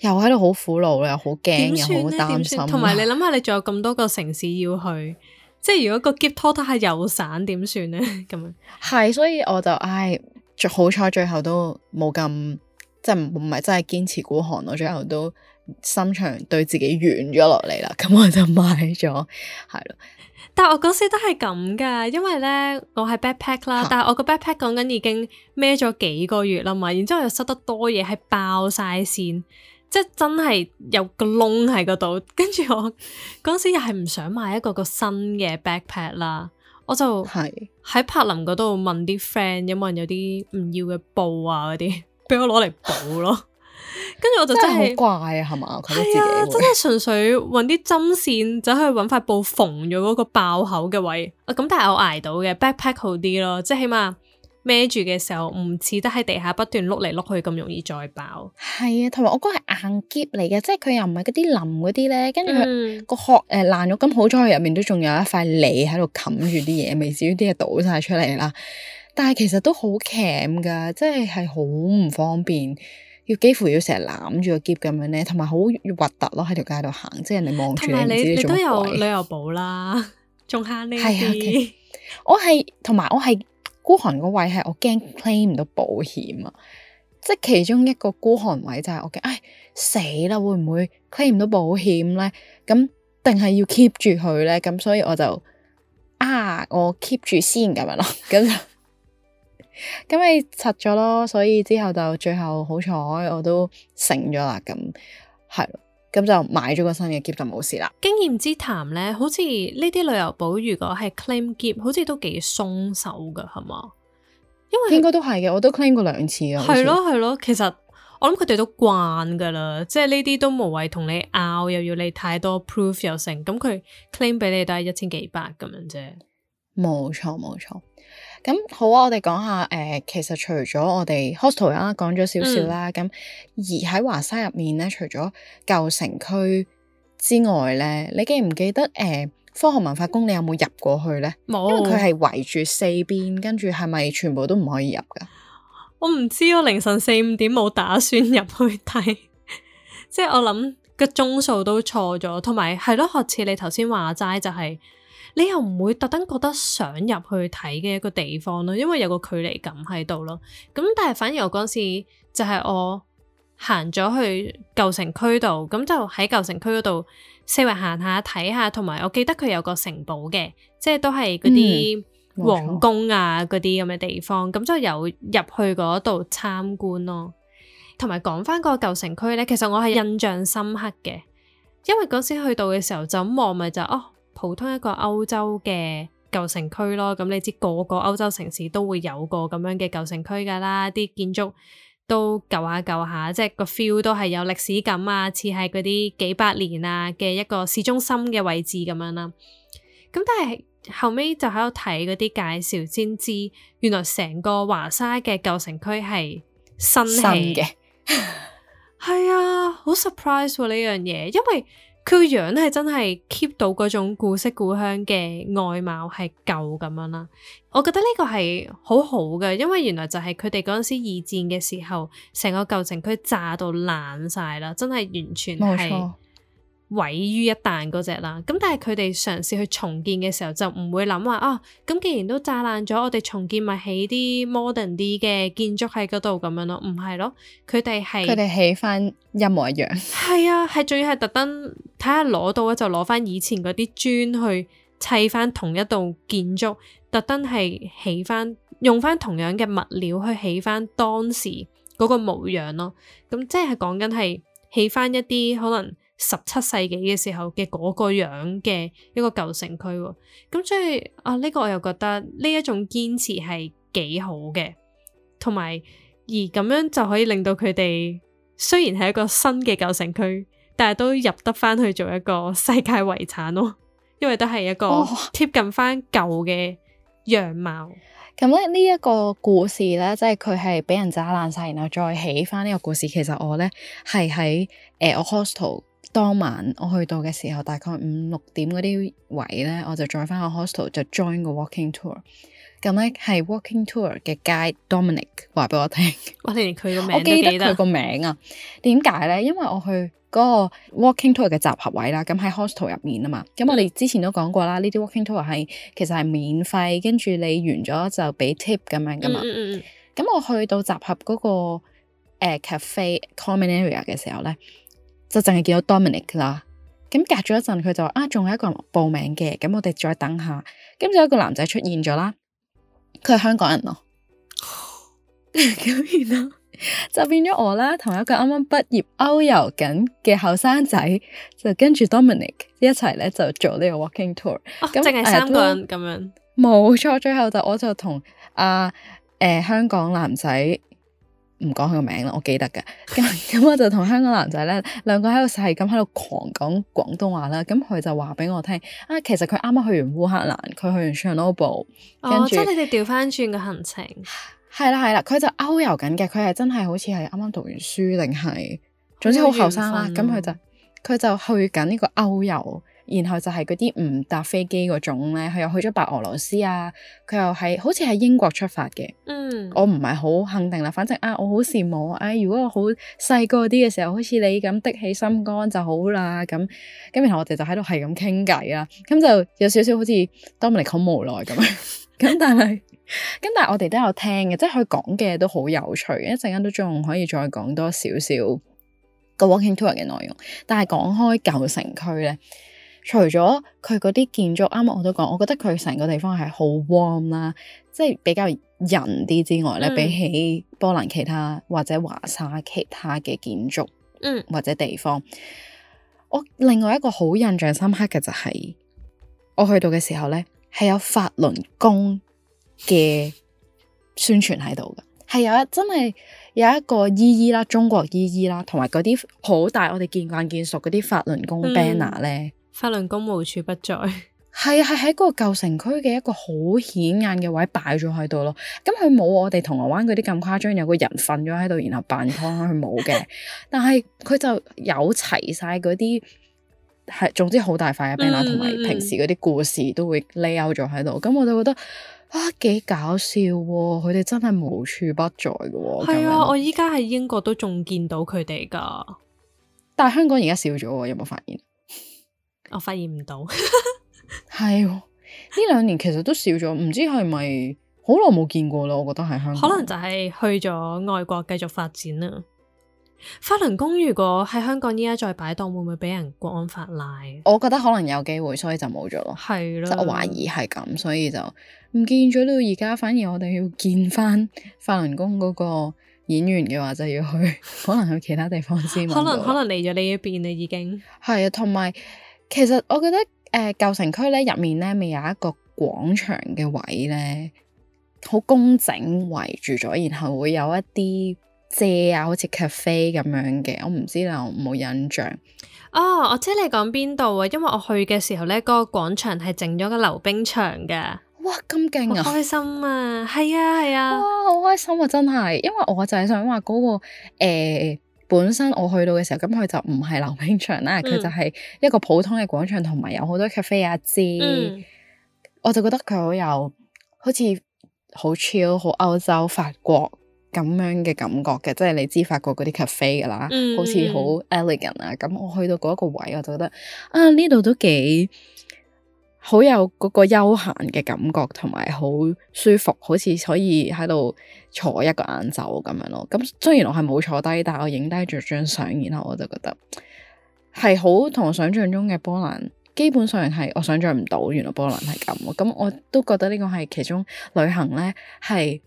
又喺度好苦惱啦，好驚又好擔心。同埋你諗下，你仲有咁多個城市要去， 即係如果個接托他係又散，點算咧？咁樣係，所以我就唉，哎、幸好彩最後都冇咁，即係唔係真係堅持孤寒咯，最後都。心腸對自己軟咗落嚟啦，咁我就買咗，係咯。但係我嗰時都係咁噶，因為咧我係 backpack 啦的，但係我個 backpack 講緊已經孭咗幾個月啦嘛，然之後又塞得多嘢，係爆晒線，即係真係有個窿喺嗰度。跟住我嗰時又係唔想買一個個新嘅 backpack 啦，我就喺柏林嗰度問啲 friend 有冇人有啲唔要嘅布啊嗰啲，俾我攞嚟補咯。跟住我就真係好怪啊，係嘛？自己真係純粹揾啲針線，走去揾塊布縫咗嗰個爆口嘅位。咁、啊、但係我挨到嘅 backpack 好啲咯，即係起碼孭住嘅時候唔似得喺地下不斷碌嚟碌去咁容易再爆。係啊，同埋我嗰係硬結嚟嘅，即係佢又唔係嗰啲腍嗰啲咧。跟住個殼誒爛咗，咁、呃、好彩入面都仲有一塊脷喺度冚住啲嘢，未至 於啲嘢倒晒出嚟啦。但係其實都好鉗噶，即係係好唔方便。 要幾乎要成日攬住個篋咁樣咧，同埋好核突咯，喺條街度行，即係人哋望住你自己做。你都有旅遊保啦，仲慳呢啲。係啊，我係同埋我係孤寒個位係我驚 claim 唔到保險啊！即係其中一個孤寒位就係我驚，唉、哎，死啦，會唔會 claim 唔到保險咧？咁定係要 keep 住佢咧？咁所以我就啊，我 keep 住先咁樣咯，咁。 咁咪拆咗咯，所以之後就最後好彩，我都成咗啦。咁係，咁就買咗個新嘅喼就冇事啦。經驗之談咧，好似呢啲旅遊保如果係 claim 喼，好似都幾鬆手噶，係嘛？因為應該都係嘅，我都 claim 過兩次啊。係咯係咯，其實我諗佢哋都慣噶啦，即係呢啲都無謂同你拗，又要你太多 proof 又成，咁佢 claim 俾你都係一千幾百咁樣啫。冇錯冇錯。咁好啊！我哋講下誒、呃，其實除咗我哋 hostel、啊、啦，講咗少少啦，咁而喺華沙入面咧，除咗舊城區之外咧，你記唔記得誒、呃，科學文化宮你有冇入過去咧？冇，沒 因為佢係圍住四邊，跟住係咪全部都唔可以入噶？我唔知，啊。我凌晨四五點冇打算入去睇，即 係我諗個鐘數都錯咗，同埋係咯，學似你頭先話齋就係、是。你又唔會特登覺得想入去睇嘅一個地方咯，因為有個距離感喺度咯。咁但係反而我嗰時就係我行咗去舊城區度，咁就喺舊城區嗰度四圍行下睇下，同埋我記得佢有個城堡嘅，即係都係嗰啲王宮啊嗰啲咁嘅地方，咁、嗯、就有入去嗰度參觀咯。同埋講返個舊城區呢，其實我係印象深刻嘅，因為嗰時去到嘅時候就咁望咪就係、哦。普通一個歐洲嘅舊城區咯，咁你知個個歐洲城市都會有個咁樣嘅舊城區噶啦，啲建築都舊下舊下，即係個 feel 都係有歷史感啊，似係嗰啲幾百年啊嘅一個市中心嘅位置咁樣啦、啊。咁但係後尾就喺度睇嗰啲介紹先知，原來成個華沙嘅舊城區係新嘅，係啊，好 surprise 喎、啊、呢樣嘢，因為。佢樣係真係 keep 到嗰種古色古香嘅外貌係舊咁樣啦，我覺得呢個係好好嘅，因為原來就係佢哋嗰陣時二戰嘅時候，整個成個舊城區炸到爛晒啦，真係完全係。毀於一旦嗰隻啦，咁但係佢哋嘗試去重建嘅時候，就唔會諗話啊。咁、哦、既然都炸爛咗，我哋重建咪起啲 modern 啲嘅建築喺嗰度咁樣咯？唔係咯，佢哋係佢哋起翻一模一樣係啊，係仲要係特登睇下攞到咧，就攞翻以前嗰啲磚去砌翻同一度建築，特登係起翻用翻同樣嘅物料去起翻當時嗰個模樣咯。咁、嗯、即係講緊係起翻一啲可能，十七世紀嘅時候嘅嗰個樣嘅一個舊城區，哦，咁所以啊呢、這個我又覺得呢一種堅持係幾好嘅，同埋而咁樣就可以令到佢哋雖然係一個新嘅舊城區，但係都入得翻去做一個世界遺產咯，因為都係一個貼近翻舊嘅樣貌。咁咧呢一個故事咧，即係佢係俾人炸爛晒，然後再起翻呢個故事。其實我咧係喺誒 Hostel 當晚我去到嘅時候，大概五六點嗰啲位咧，我就再翻個 hostel 就 join 個 walking tour。咁咧係 walking tour 嘅 guide Dominic 話俾我聽，我連佢個名，我記得佢個名啊。點解咧？因為我去嗰個 walking tour 嘅集合位啦，咁喺 hostel 入面啊嘛。咁我哋之前都講過啦，呢啲 walking tour 係其實係免費，跟住你完咗就俾 tip 咁樣噶嘛。咁、嗯、我去到集合嗰、那個、呃、cafe common area 嘅時候咧，就淨係見到 Dominic 啦，咁隔咗一陣佢就話啊，仲有一個人報名嘅，咁我哋再等下，咁就有個男仔出現咗啦，佢係香港人咯。咁然後，就變咗我啦，同一個啱啱畢業歐遊緊嘅後生仔，就跟住 Dominic 一齊咧就做呢個 walking tour，咁淨係三個人咁樣，冇錯、哎，最後就我就同阿誒香港男仔。唔講佢個名啦，我記得嘅。咁、 嗯、 我就同香港男仔咧，兩個喺度係咁喺度狂講廣東話啦。咁佢就話畀我聽，啊，其實佢啱啱去完烏克蘭，佢去完切爾諾貝爾。哦，即係你哋調翻轉個行程。係啦係啦，佢、啊、就歐遊緊嘅，佢係真係好似係啱啱讀完書，定係，總之好後生啦。咁佢、嗯、就佢就去緊呢個歐遊。然後就係嗰啲唔搭飛機嗰種咧，佢又去咗白俄羅斯啊，佢又係好似喺英國出發嘅。嗯，我唔係好肯定啦，反正啊，我好羨慕啊，哎，如果我好細個啲嘅時候，好似你咁的起心肝就好啦。咁，咁然後我哋就喺度係咁傾偈啦，咁就有少少好似 Dominic 好無奈咁樣。咁 但係是，咁 但係我哋都有聽嘅，即係佢講嘅都好有趣，一陣間都仲可以再講多少少個 Walking Tour 嘅內容。但係講開舊城區咧。除咗佢嗰啲建築，啱啱我都講，我覺得佢成個地方係好 warm 啦，即係比較人啲之外咧，嗯、比起波蘭其他或者華沙其他嘅建築，嗯，或者地方，我另外一個好印象深刻嘅就係、是、我去到嘅時候咧，係有法輪功嘅宣傳喺度嘅，係有一真係有一個姨姨啦，中國姨姨啦，同埋嗰啲好大我哋見慣見熟嗰啲法輪功 banner 咧、嗯。呢法輪功無處不在，係啊， 係喺嗰個舊城區嘅一個好顯眼嘅位擺咗喺度咯。咁佢冇我哋銅鑼灣嗰啲咁誇張，有個人瞓咗喺度，然後扮湯，佢冇嘅。 但係佢就有齊曬嗰啲，係總之好大塊嘅 Banner 啦，同埋平時嗰啲故事都會 Layout 咗喺度。咁我就覺得哇，幾搞笑喎，啊！佢哋真係無處不在嘅喎。係啊，樣我依家喺英國都仲見到佢哋噶。但係香港而家少咗，有冇發現？我發現唔到 ，係呢兩年其實都少咗，唔知係咪好耐冇見過咯？我覺得喺香港，可能就係去咗外國繼續發展啦。法輪功如果喺香港依家再擺檔，會唔會俾人國安法拉？我覺得可能有機會，所以就冇咗咯。係咯的，我懷疑係咁，所以就唔見咗到而家。反而我哋要見翻法輪功嗰個演員嘅話，就要去可能去其他地方先。 可能可能嚟咗你呢一邊啦，已經係啊，同埋。其實我覺得誒，舊、呃、城區咧入面咧未有一個廣場嘅位咧，好工整圍住咗，然後會有一啲遮啊，好似 cafe 咁樣嘅。我唔知你有冇印象？哦，我知你講邊度啊？因為我去嘅時候咧，嗰、那個廣場係整咗個溜冰場嘅。哇，咁勁啊！開心啊！係啊，係啊！哇，好開心啊！真係，因為我就係想話嗰、那個誒。欸本身我去到嘅時候，咁佢就唔係溜冰場啦，佢、嗯、就係一個普通嘅廣場，同埋有好多 cafe 啊之，嗯、我就覺得佢好有好似好超、好 ill，歐洲法國咁樣嘅感覺嘅，即係你知法國嗰啲 cafe 噶啦、嗯嗯，好似好 elegant 啊，咁我去到嗰一個位，我就覺得啊呢度都幾～好有嗰個休閒嘅感覺，同埋好舒服，好似可以喺度坐一個晏晝咁樣咯。咁雖然我係冇坐低，但係我影低咗張相，然後我就覺得係好同我想象中嘅波蘭，基本上係我想象唔到，原來波蘭係咁。咁我都覺得呢個係其中旅行咧係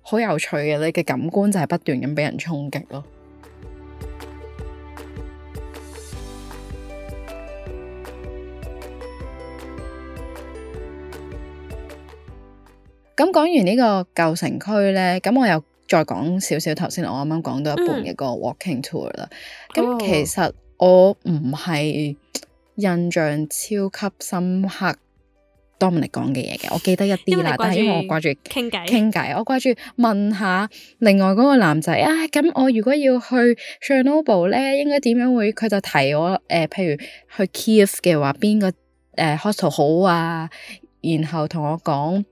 好有趣嘅，你嘅感官就係不斷咁俾人衝擊咯。咁講完個舊呢個舊城區咧，咁我又再講少少頭先我啱啱講到一半嘅個 walking tour 啦。咁、嗯、其實我唔係印象超級深刻 Dominic 講嘅嘢嘅，我記得一啲啦。但係因為我掛住傾偈，傾偈我掛住問下另外嗰個男仔啊。咁我如果要去 Chernobyl 咧，應該點樣會？佢就提我誒、呃，譬如去 Kyiv 嘅話，邊個誒、呃、hostel 好啊？然後同我講。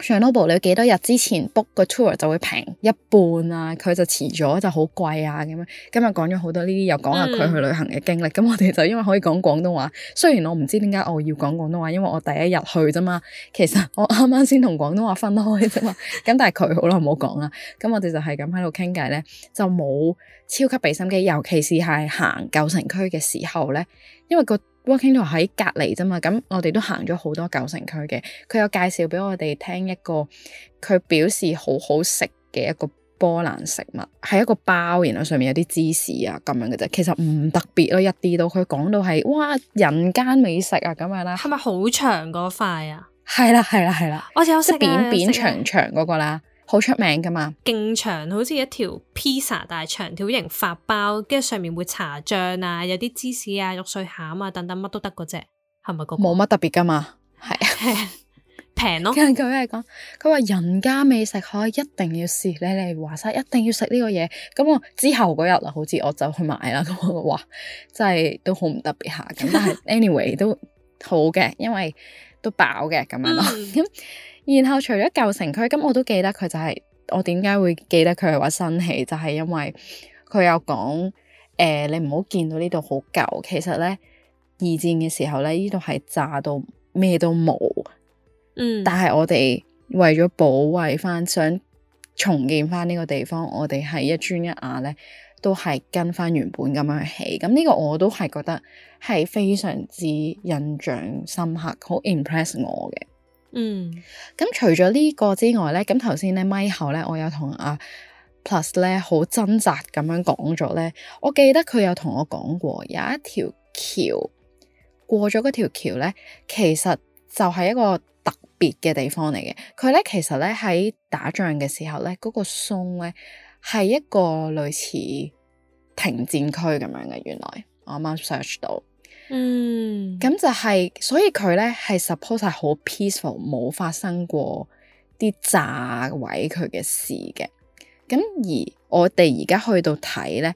上 n o b o a l 你幾多日之前 book 個 tour 就會平一半啊，佢就遲咗就好貴啊咁樣。今日講咗好多呢啲，又講下佢去旅行嘅經歷。咁、嗯、我哋就因為可以講廣東話，雖然我唔知點解我要講廣東話，因為我第一日去啫嘛。其實我啱啱先同廣東話分開啫嘛。咁但係佢好耐冇講啦。咁 我哋就係咁喺度傾偈咧，就冇超級畀心機，尤其是係行舊城區嘅時候咧，因為個 Walking Tour 喺隔離啫嘛，咁我哋都行咗好多舊城區嘅。佢有介紹俾我哋聽一個，佢表示好好食嘅一個波蘭食物，係一個包，然後上面有啲芝士啊咁樣嘅啫。其實唔特別咯，一啲都。佢講到係哇，人間美食啊咁樣啦。係咪好長嗰塊啊？係啦係啦係啦。是啦是啦是啦，我哋有食扁扁長長嗰個啦。好出名噶嘛，勁長，好似一條披薩大長條型發包，跟住上面會搽醬啊，有啲芝士啊，肉碎餡啊等等，乜都得嗰隻，係咪冇乜特別噶嘛？係平咯。佢係講，佢話人家美食，可以一定要試。你嚟華沙，一定要食呢個嘢。咁我之後嗰日啊，好似我走去買啦。咁我話真係都，都好唔特別下，咁但係 anyway 都好嘅，因為都飽嘅咁樣咯。 然後除咗舊城區，咁我都記得佢就係，我點解會記得佢係話新起，就係因為佢有講誒、呃，你唔好見到呢度好舊，其實咧二戰嘅時候咧，呢度係炸到咩都冇。嗯，但係我哋為咗保衞翻，想重建翻呢個地方，我哋係一磚一瓦咧都係跟翻原本咁樣起。咁呢個我都係覺得係非常之印象深刻，好 impress 我嘅。嗯，咁除咗呢個之外咧，咁頭先咧，咪後咧，我有同阿 Plus 咧好掙扎咁樣講咗咧，我記得佢有同我講過，有一條橋，過咗嗰條橋咧，其實就係一個特別嘅地方嚟嘅。佢咧其實咧喺打仗嘅時候咧，嗰個松咧係一個類似停戰區咁樣嘅。原來我啱啱 search 到。嗯，咁就係，所以佢咧係 suppose 係好 peaceful，冇發生過啲炸毀佢嘅事嘅。咁而我哋而家去到睇咧，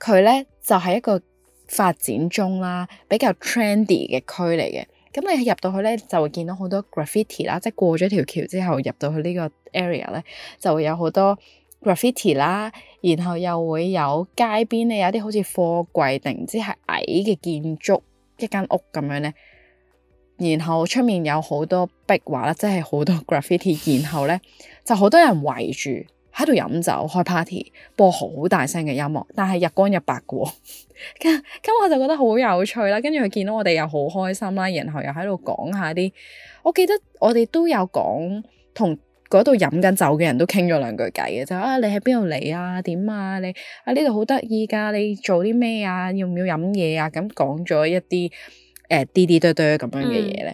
佢咧就係一個發展中啦，比較 trendy 嘅區嚟嘅。咁你入到去咧，就會見到好多 graffiti 啦，即係過咗條橋之後入到去呢個 area 咧，就會有好多 graffiti 啦，然後又會有街邊咧有啲好似貨櫃定唔知係矮嘅建築一間屋咁樣咧，然後出面有好多壁畫啦，即係好多 graffiti，然後咧就好多人圍住喺度飲酒、開 party、播好大聲嘅音樂，但係日光日白嘅，哦。咁 我就覺得好有趣啦，跟住佢見到我哋又好開心啦，然後又喺度講下啲，我記得我哋都有講同。嗰度飲緊酒嘅人都傾咗兩句偈嘅，就啊你喺邊度嚟啊？點樣啊你啊，呢度好得意㗎！你做啲咩啊？要唔要飲嘢啊？咁講咗一啲誒滴滴嘟嘟咁樣嘅嘢呢，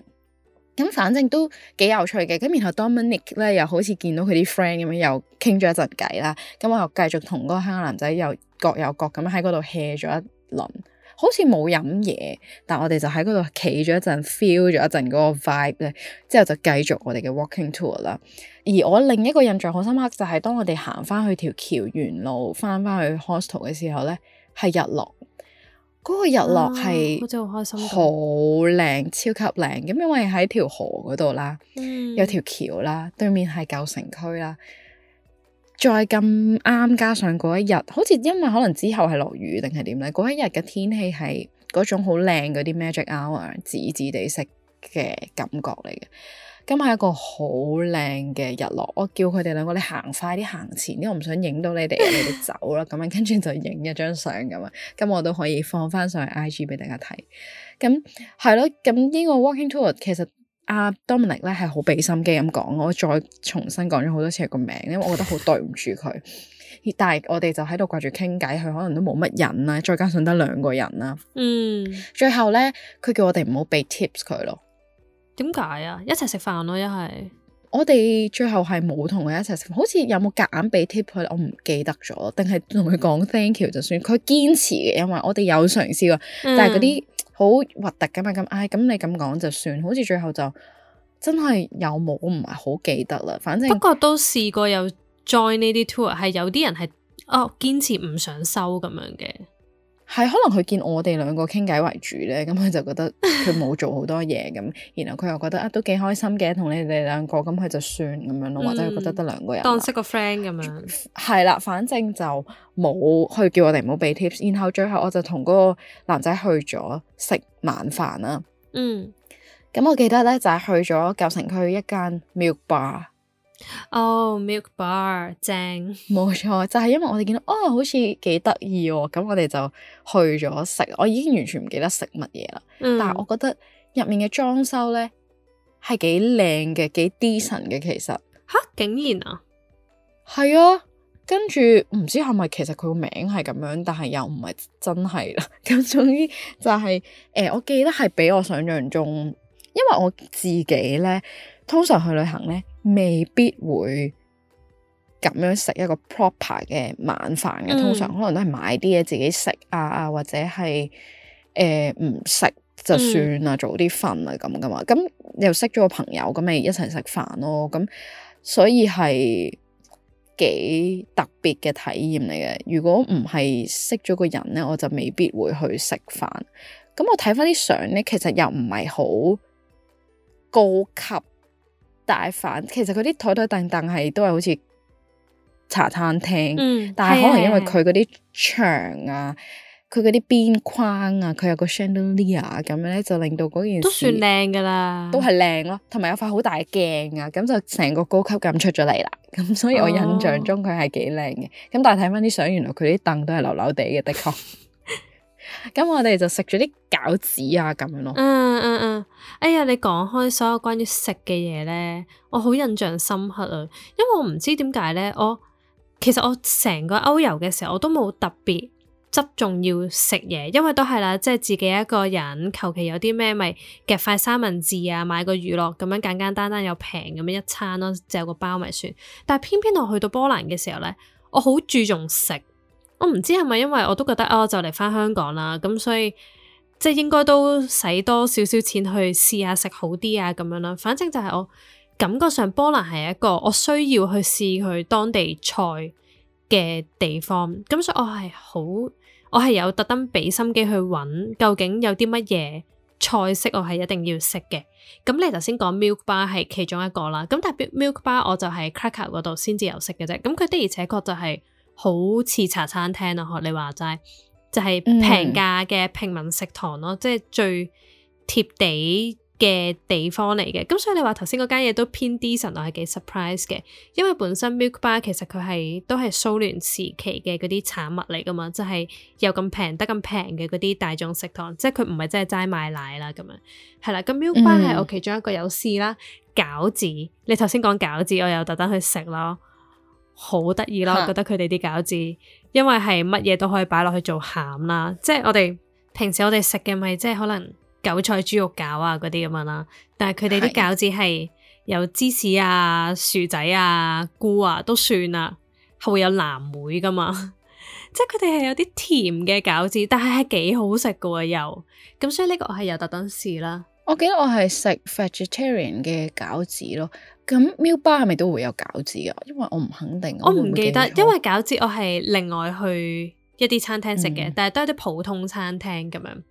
咁、嗯、反正都幾有趣嘅。咁然後 Dominic 咧又好似見到佢啲 friend 咁樣又傾咗一陣偈啦。咁我又繼續同嗰個香港男仔又各有各咁喺嗰度 hea 咗一輪。好似冇飲嘢，但我哋就喺嗰度企咗一陣 ，feel 咗一陣嗰個 vibe 咧，之後就繼續我哋嘅 walking tour 啦。而我另一個印象好深刻就係、是、當我哋行翻去條橋沿路，翻翻去 hostel 嘅時候咧，係日落。嗰、那個日落係、啊，真係好開心，好靚，超級靚。咁因為喺條河嗰度啦，嗯、有條橋啦，對面係舊城區啦。再咁啱，加上嗰一日，好似因為可能之後係落雨定係點咧？嗰一日嘅天氣係嗰種好靚嗰啲 magic hour，紫紫地色嘅感覺嚟嘅。今日係一個好靚嘅日落，我叫佢哋兩個，你行快啲行前，因為我唔想影到你哋，你哋走啦。咁啊，跟住就影一張相咁啊，咁我都可以放翻上去 IG 俾大家睇。咁係咯，咁呢個 walking tour 其實～阿 Dominic 咧係好俾心機咁講，我再重新講咗好多次佢個名，因為我覺得好對唔住佢。但係我哋就喺度掛住傾偈，佢可能都冇乜人啦，再加上得兩個人啦。嗯。最後咧，佢叫我哋唔好俾 tips 佢咯。點解啊？一齊食飯咯，一係。我哋最後係冇同佢一齊食飯，好似有冇夾硬俾 tip 佢？我唔記得咗，定係同佢講 thank you 就算。佢堅持嘅，因為我哋有嘗試過，嗯、但係嗰啲。好核突噶嘛咁，唉咁你咁講就算，好似最後就真係有冇唔係好記得啦，反正不過都試過有 join 呢啲 tour，係有啲人係哦堅持唔想收咁樣嘅。係可能佢見我哋兩個傾偈為主咧，咁佢就覺得佢冇做好多嘢咁， 然後佢又覺得啊都幾開心嘅，同你哋兩個咁佢就算咁樣咯，嗯、或者佢覺得得兩個人當識個 friend 咁樣，係啦、嗯，反正就冇去叫我哋唔好俾 tips，然後最後我就同嗰個男仔去咗食晚飯啦。嗯，咁我記得咧就係、是、去咗舊城區一間 milk bar 哦、oh，milk bar 正冇錯，就係、是，因為我哋見到哦，好似幾得意哦，咁我哋就去咗食。我已經完全唔記得食乜嘢啦，嗯、但係我覺得入面嘅裝修咧係幾靚嘅，幾 decent 嘅。其實吓竟然啊，係啊，跟住唔知係咪其實佢個名係咁樣，但係又唔係真係啦。咁終於就係、是、誒、呃，我記得係比我想象中，因為我自己咧通常去旅行咧。未必會咁樣食一個 proper 嘅晚飯嘅，嗯、通常可能都係買啲嘢自己食啊，或者係誒唔食就算啦，嗯、早啲瞓啊咁噶嘛。咁又識咗個朋友，咁咪一齊食飯咯。咁所以係幾特別嘅體驗嚟嘅。如果唔係識咗個人咧，我就未必會去食飯。咁我睇翻啲相咧，其實又唔係好高級。大飯其實佢啲台台凳凳係都係好似茶餐廳，嗯、但係可能因為佢嗰啲牆啊，佢嗰啲邊框啊，佢有個 chandelier 咁樣咧，就令到嗰件都算靚噶啦，都係靚咯，同埋有塊好大鏡啊，咁就成個高級感出咗嚟啦。咁所以我印象中佢係幾靚嘅，咁、哦、但係睇翻啲相，原來佢啲凳都係流流地嘅，的確。 咁我哋就食咗啲餃子啊，咁樣咯。嗯嗯嗯，哎呀，你講開所有關於食嘅嘢呢，我好印象深刻啊。因為我唔知點解呢，我其實我成個歐遊嘅時候，我都冇特別執重要食嘢，因為都係啦，即係自己一個人，求其有啲咩咪夾塊三文治啊，買個娛樂咁樣簡簡單單又平咁樣一餐咯，啊，就有個包咪算。但係偏偏我去到波蘭嘅時候呢，我好注重食。我唔知係咪因為我都覺得啊、哦，就嚟翻香港啦，咁所以即係應該都使多少少錢去試下食好啲啊，咁樣啦。反正就係我感覺上波蘭係一個我需要去試佢當地菜嘅地方，咁所以我係好，我係有特登俾心機去揾究竟有啲乜嘢菜式我係一定要食嘅。咁你頭先講 milk bar 係其中一個啦。咁但係 milk bar 我就係 Krakow 度先至有食嘅啫。咁佢的而且確就係、是。好似茶餐廳啊，學你話齋，就係平價嘅平民食堂咯，嗯、即係最貼地嘅地方嚟嘅。咁所以你話頭先嗰間嘢都偏低層，我係幾 surprise 嘅，因為本身 milk bar 其實佢係都係蘇聯時期嘅嗰啲產物嚟噶嘛，就係有咁平得咁平嘅嗰啲大眾食堂，即係佢唔係真係齋賣奶啦咁樣。係啦，咁 milk bar 係我其中一個有試啦，嗯、餃子，你頭先講餃子，我又特登去食咯。好得意咯，我覺得佢哋啲餃子，嗯、因為係乜嘢都可以擺落去做餡啦。即係我哋平時我哋食嘅咪即係可能韭菜豬肉餃啊嗰啲咁樣啦。但係佢哋啲餃子係有芝士啊、薯仔啊、菇啊都算啦，係會有藍莓噶嘛。即係佢哋係有啲甜嘅餃子，但係係幾好食㗎喎又。咁所以呢個我係有特登試啦。我記得我係食 vegetarian 嘅餃子咯。咁 milk bar 係咪都會有餃子啊？因為我唔肯定，我唔記得，有冇記錯，因為餃子我係另外去一啲餐廳食嘅，嗯、但係都係啲普通餐廳咁樣。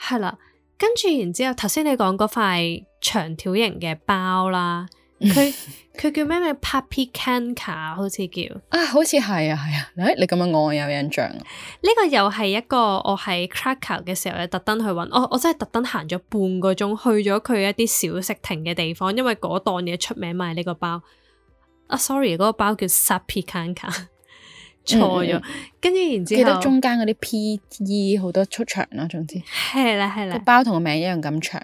係啦，跟住然之後，頭先你講嗰塊長條形嘅包啦。佢佢叫咩名 Papicanca 好似叫啊，好似係啊，係啊，誒，你咁樣講，我有印象，呢個又係一個我喺 Krakow 嘅時候，又特登去搵我，我真係特登行咗半個鐘去咗佢一啲小食亭嘅地方，因為嗰檔嘢出名賣呢、這個包。啊，sorry，嗰個包叫 Sappy Canka 錯咗。跟住、嗯、然之後記得中間嗰啲 P.E. 好多出場啦，總之係啦係啦，個包同個名一樣咁長。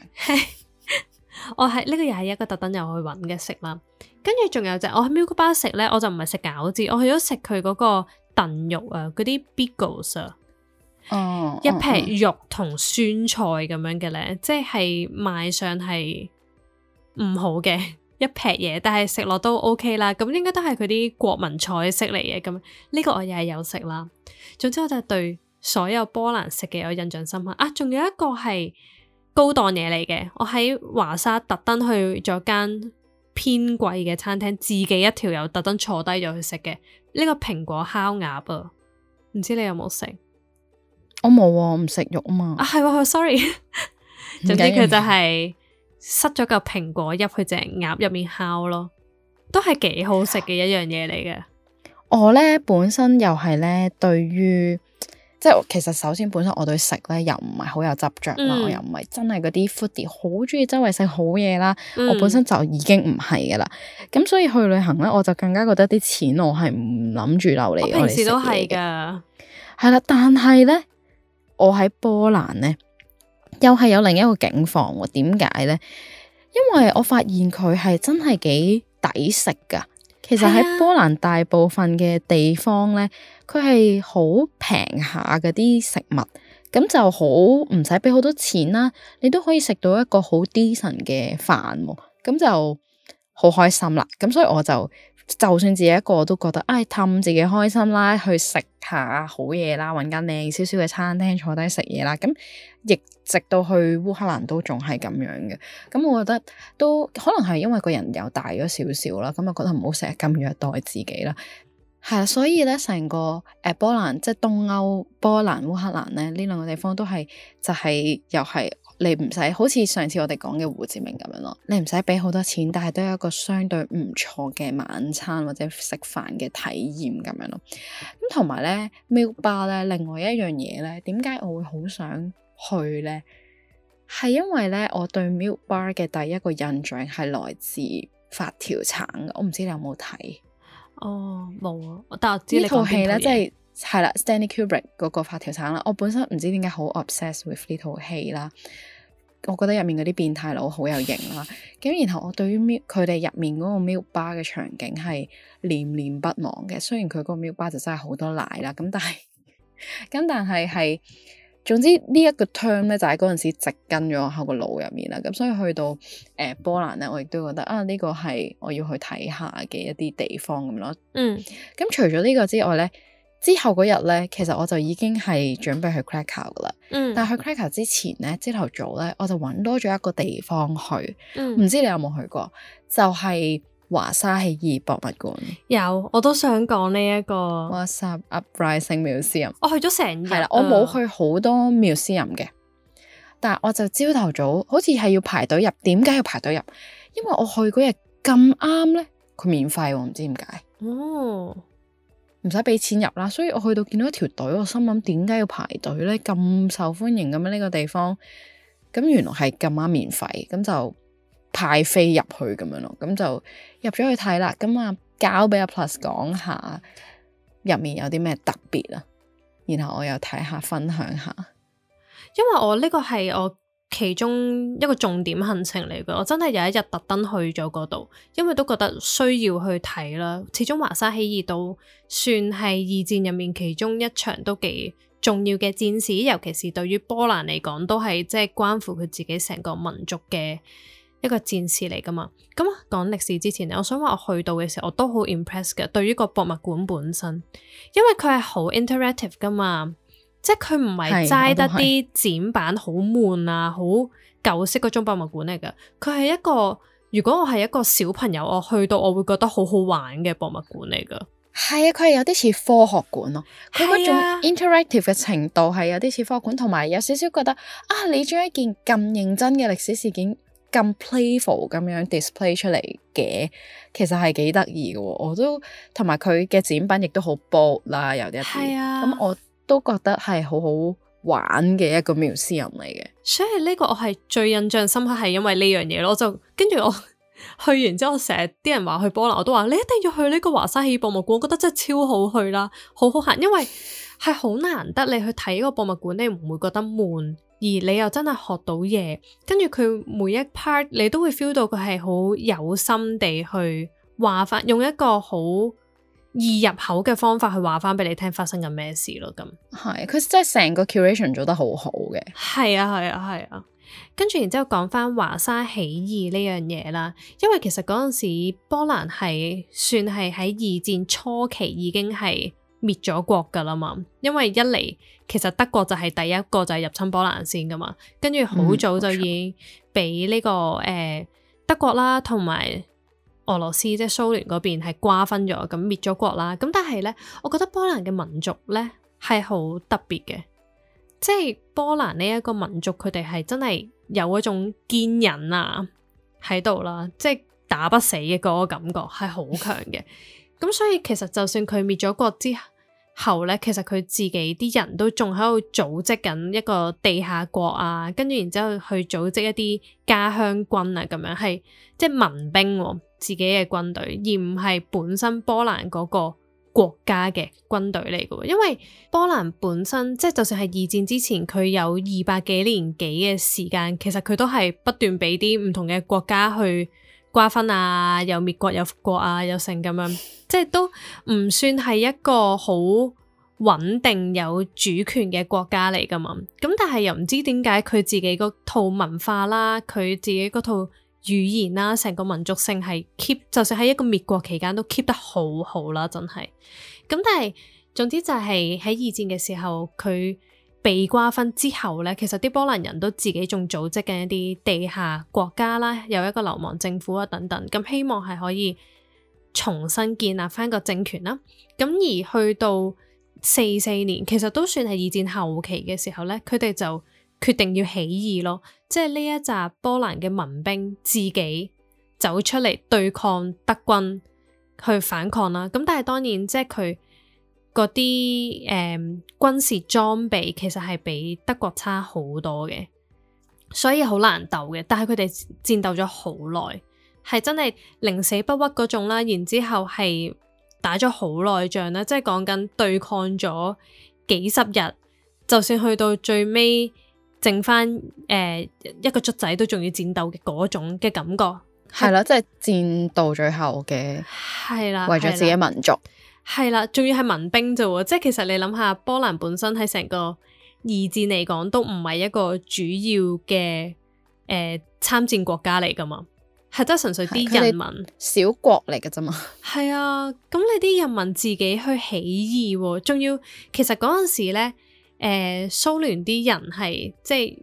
我喺呢個又係一個特登又去揾嘅食啦，跟住仲有就我喺 Milk Bar 食呢，我就唔係食餃子，我去咗食佢嗰個燉肉啊，嗰啲 Bigos 啊， 嗯嗯、 一劈肉同酸菜咁樣嘅呢，即係賣相係唔好嘅一劈嘢，但係食落都 OK 啦，咁應該都係佢啲國民菜式嚟嘅，咁呢個我又係有食啦。總之我就對所有波蘭食嘅有印象深刻啊！仲有一個係。高檔嘢嚟嘅，我喺華沙特登去咗間偏貴嘅餐廳，自己一條友特登坐低咗去食嘅。呢、這個蘋果烤鴨啊，唔知你有冇食、哦？我冇啊，唔食肉啊嘛。啊係，sorry。 總之佢就係塞咗個蘋果入去隻鴨入面烤咯，都係幾好食嘅一樣嘢嚟嘅。我呢本身又係呢對於。即係，其實首先本身我對食咧又唔係好有執着啦，嗯、我又唔係真係嗰啲 foodie，好中意周圍食好嘢啦。嗯、我本身就已經唔係噶啦，咁所以去旅行咧，我就更加覺得啲錢我係唔諗住留嚟。我平時都係噶，係啦，但係咧，我喺波蘭咧又係有另一個境況喎。點解咧？因為我發現佢係真係幾抵食噶。其實喺波蘭大部分嘅地方咧。佢係好平下嗰啲食物，咁就好唔使俾好多錢啦，你都可以食到一個好 d 神嘅飯，咁就好開心啦。咁所以我就就算自己一個，都覺得唉，氹、哎、自己開心啦，去食下好嘢啦，搵間靚少少嘅餐廳坐低食嘢啦。咁亦直到去烏克蘭都仲係咁樣嘅。咁我覺得都可能係因為個人又大咗少少啦，咁啊覺得唔好成日咁虐待自己啦。係啦，所以咧，成個誒波蘭即係東歐波蘭烏克蘭咧，呢兩個地方都係，就係、是、又係你唔使好似上次我哋講嘅胡志明咁樣咯，你唔使俾好多錢，但係都有一個相對唔錯嘅晚餐或者食飯嘅體驗咁樣咯。咁同埋咧 Milk Bar 咧，另外一樣嘢咧，點解我會好想去咧？係因為咧，我對 Milk Bar 嘅第一個印象係來自發條橙，我唔知你有冇睇。哦，冇啊，但我但係知呢套戲咧，即係係啦，Stanley Kubrick 嗰個發條橙啦，我本身唔知點解好 obsess with 呢套戲啦，我覺得入面嗰啲變態佬好有型啦，咁然後我對於佢哋入面嗰個 milk bar 嘅場景係念念不忘嘅，雖然佢嗰個 milk bar 就真係好多奶啦，咁但係咁但係係。總之呢一個 term 咧，就喺嗰陣時植根咗喺我個腦入面啦。咁所以去到誒、呃、波蘭咧，我亦都覺得啊呢個係我要去睇下嘅一啲地方咁咯。嗯，咁除咗呢個之外咧，之後嗰日咧，其實我就已經係準備去 Cracow 噶啦。嗯，但係去 Cracow 之前咧，朝頭早咧，我就揾多咗一個地方去。嗯，唔知你有冇去過？就係、是。華沙起義博物館，有，我都想講呢一個華沙 uprising up, museum。我去咗成日，係啦的，嗯、我冇去好多 museum 嘅，但係我就朝頭早，好似係要排隊入。點解要排隊入？因為我去嗰日咁啱呢，佢免費、啊，我唔知點解。哦，唔使俾錢入啦，所以我去到見到一條隊，我心諗，點解要排隊呢？咁受歡迎咁樣呢個地方，咁原來係咁啱免費，咁就。太飛入去咁樣咯，咁就入咗去睇啦。咁啊，交俾阿 Plus 講下入面有啲咩特別啊？然後我又睇下分享下。因為我呢個係我其中一個重點行程嚟嘅，我真係有一日特登去咗嗰度，因為都覺得需要去睇啦。始終華沙起義都算係二戰入面其中一場都幾重要嘅戰事，尤其是對於波蘭嚟講，都係即係關乎佢自己成個民族嘅。一個戰士嚟噶嘛，咁講歷史之前咧，我想話我去到嘅時候，我都好 impress 嘅，對於個博物館本身，因為佢係好 interactive 噶嘛，即係佢唔係齋得啲展板好悶啊，好舊式嗰種博物館嚟噶。佢係一個，如果我係一個小朋友，我去到我會覺得好好玩嘅博物館嚟噶。係啊，佢係有啲似科學館咯，佢嗰種 interactive 嘅程度係有啲似科學館，同埋有少少覺得啊，你將一件咁認真嘅歷史事件，咁 playful 咁樣 display 出嚟嘅，其實係幾得意嘅，我都同埋佢嘅展品亦都好 bold 啦，有啲咁、啊嗯，我都覺得係好好玩嘅一個繆斯人嚟嘅。所以呢個我係最印象深刻係因為呢樣嘢咯，就跟住我去完之後，成日啲人話去波蘭，我都話你一定要去呢個華沙起義博物館，我覺得真係超好去啦，好好行，因為係好難得你去睇嗰個博物館，你唔會覺得悶。而你又真係學到嘢，跟住佢每一 part 你都會 feel 到佢係好有心地去話翻，用一個好易入口嘅方法去話翻俾你聽發生緊咩事咯。咁係，佢真係成個 curation 做得好好嘅。係啊，係啊，係啊。跟住然之後講翻華沙起義呢樣嘢啦，因為其實嗰陣時波蘭係算係喺二戰初期已經係，滅咗國㗎喇嘛，因為一嚟其實德國就係第一個就係入侵波蘭先㗎嘛，跟住好早就已經俾呢、這個誒、呃、德國啦同埋俄羅斯即係蘇聯嗰邊係瓜分咗，咁滅咗國啦。咁但係呢，我覺得波蘭嘅民族呢係好特別嘅，即係波蘭呢一個民族佢哋係真係有一種堅忍啊喺度啦，即係打不死嘅嗰個感覺係好強嘅。 咁所以其實就算佢滅咗國之後呢，其實佢自己啲人都仲喺度組織緊一個地下國啊，跟住然之後去組織一啲家鄉軍啊，咁樣係即係民兵、哦、自己嘅軍隊，而唔係本身波蘭嗰個國家嘅軍隊嚟嘅。因為波蘭本身即係、就是、就算係二戰之前，佢有二百幾年幾嘅時間，其實佢都係不斷俾啲唔同嘅國家去。瓜分啊，又滅國又復國啊，又成咁樣，即係都唔算係一個好穩定有主權嘅國家嚟噶嘛。咁但係又唔知點解佢自己嗰套文化啦，佢自己嗰套語言啦，成個民族性係 keep，就算喺一個滅國期間都 keep 得好好啦，真係。咁但係總之就係喺二戰嘅時候佢。被瓜分之後咧，其實啲波蘭人都自己仲組織緊一啲地下國家啦，有一個流亡政府啊等等，咁希望係可以重新建立翻個政權啦。咁而去到四四年，其實都算係二戰後期嘅時候咧，佢哋就決定要起義咯，即係呢一紮波蘭嘅民兵自己走出嚟對抗德軍去反抗啦。咁但係當然即係佢。嗰啲誒軍事裝備其實係比德國差好多嘅，所以好難鬥嘅。但係佢哋戰鬥咗好耐，係真係寧死不屈嗰種啦。然之後係打咗好耐仗啦，即係講緊對抗咗幾十日，就算去到最尾剩返誒、呃、一個卒仔都仲要戰鬥嘅嗰種嘅感覺，係啦了，即係是戰到最後嘅，係啦了，為咗自己民族。係啦，仲要係民兵啫喎，即係其實你諗下，波蘭本身喺成個二戰嚟講，都唔係一個主要嘅誒參戰國家嚟噶嘛，係得純粹啲人民小國嚟噶啫嘛。係啊，咁你啲人民自己去起義，啊，仲要其實嗰陣時咧，誒蘇聯啲人係即係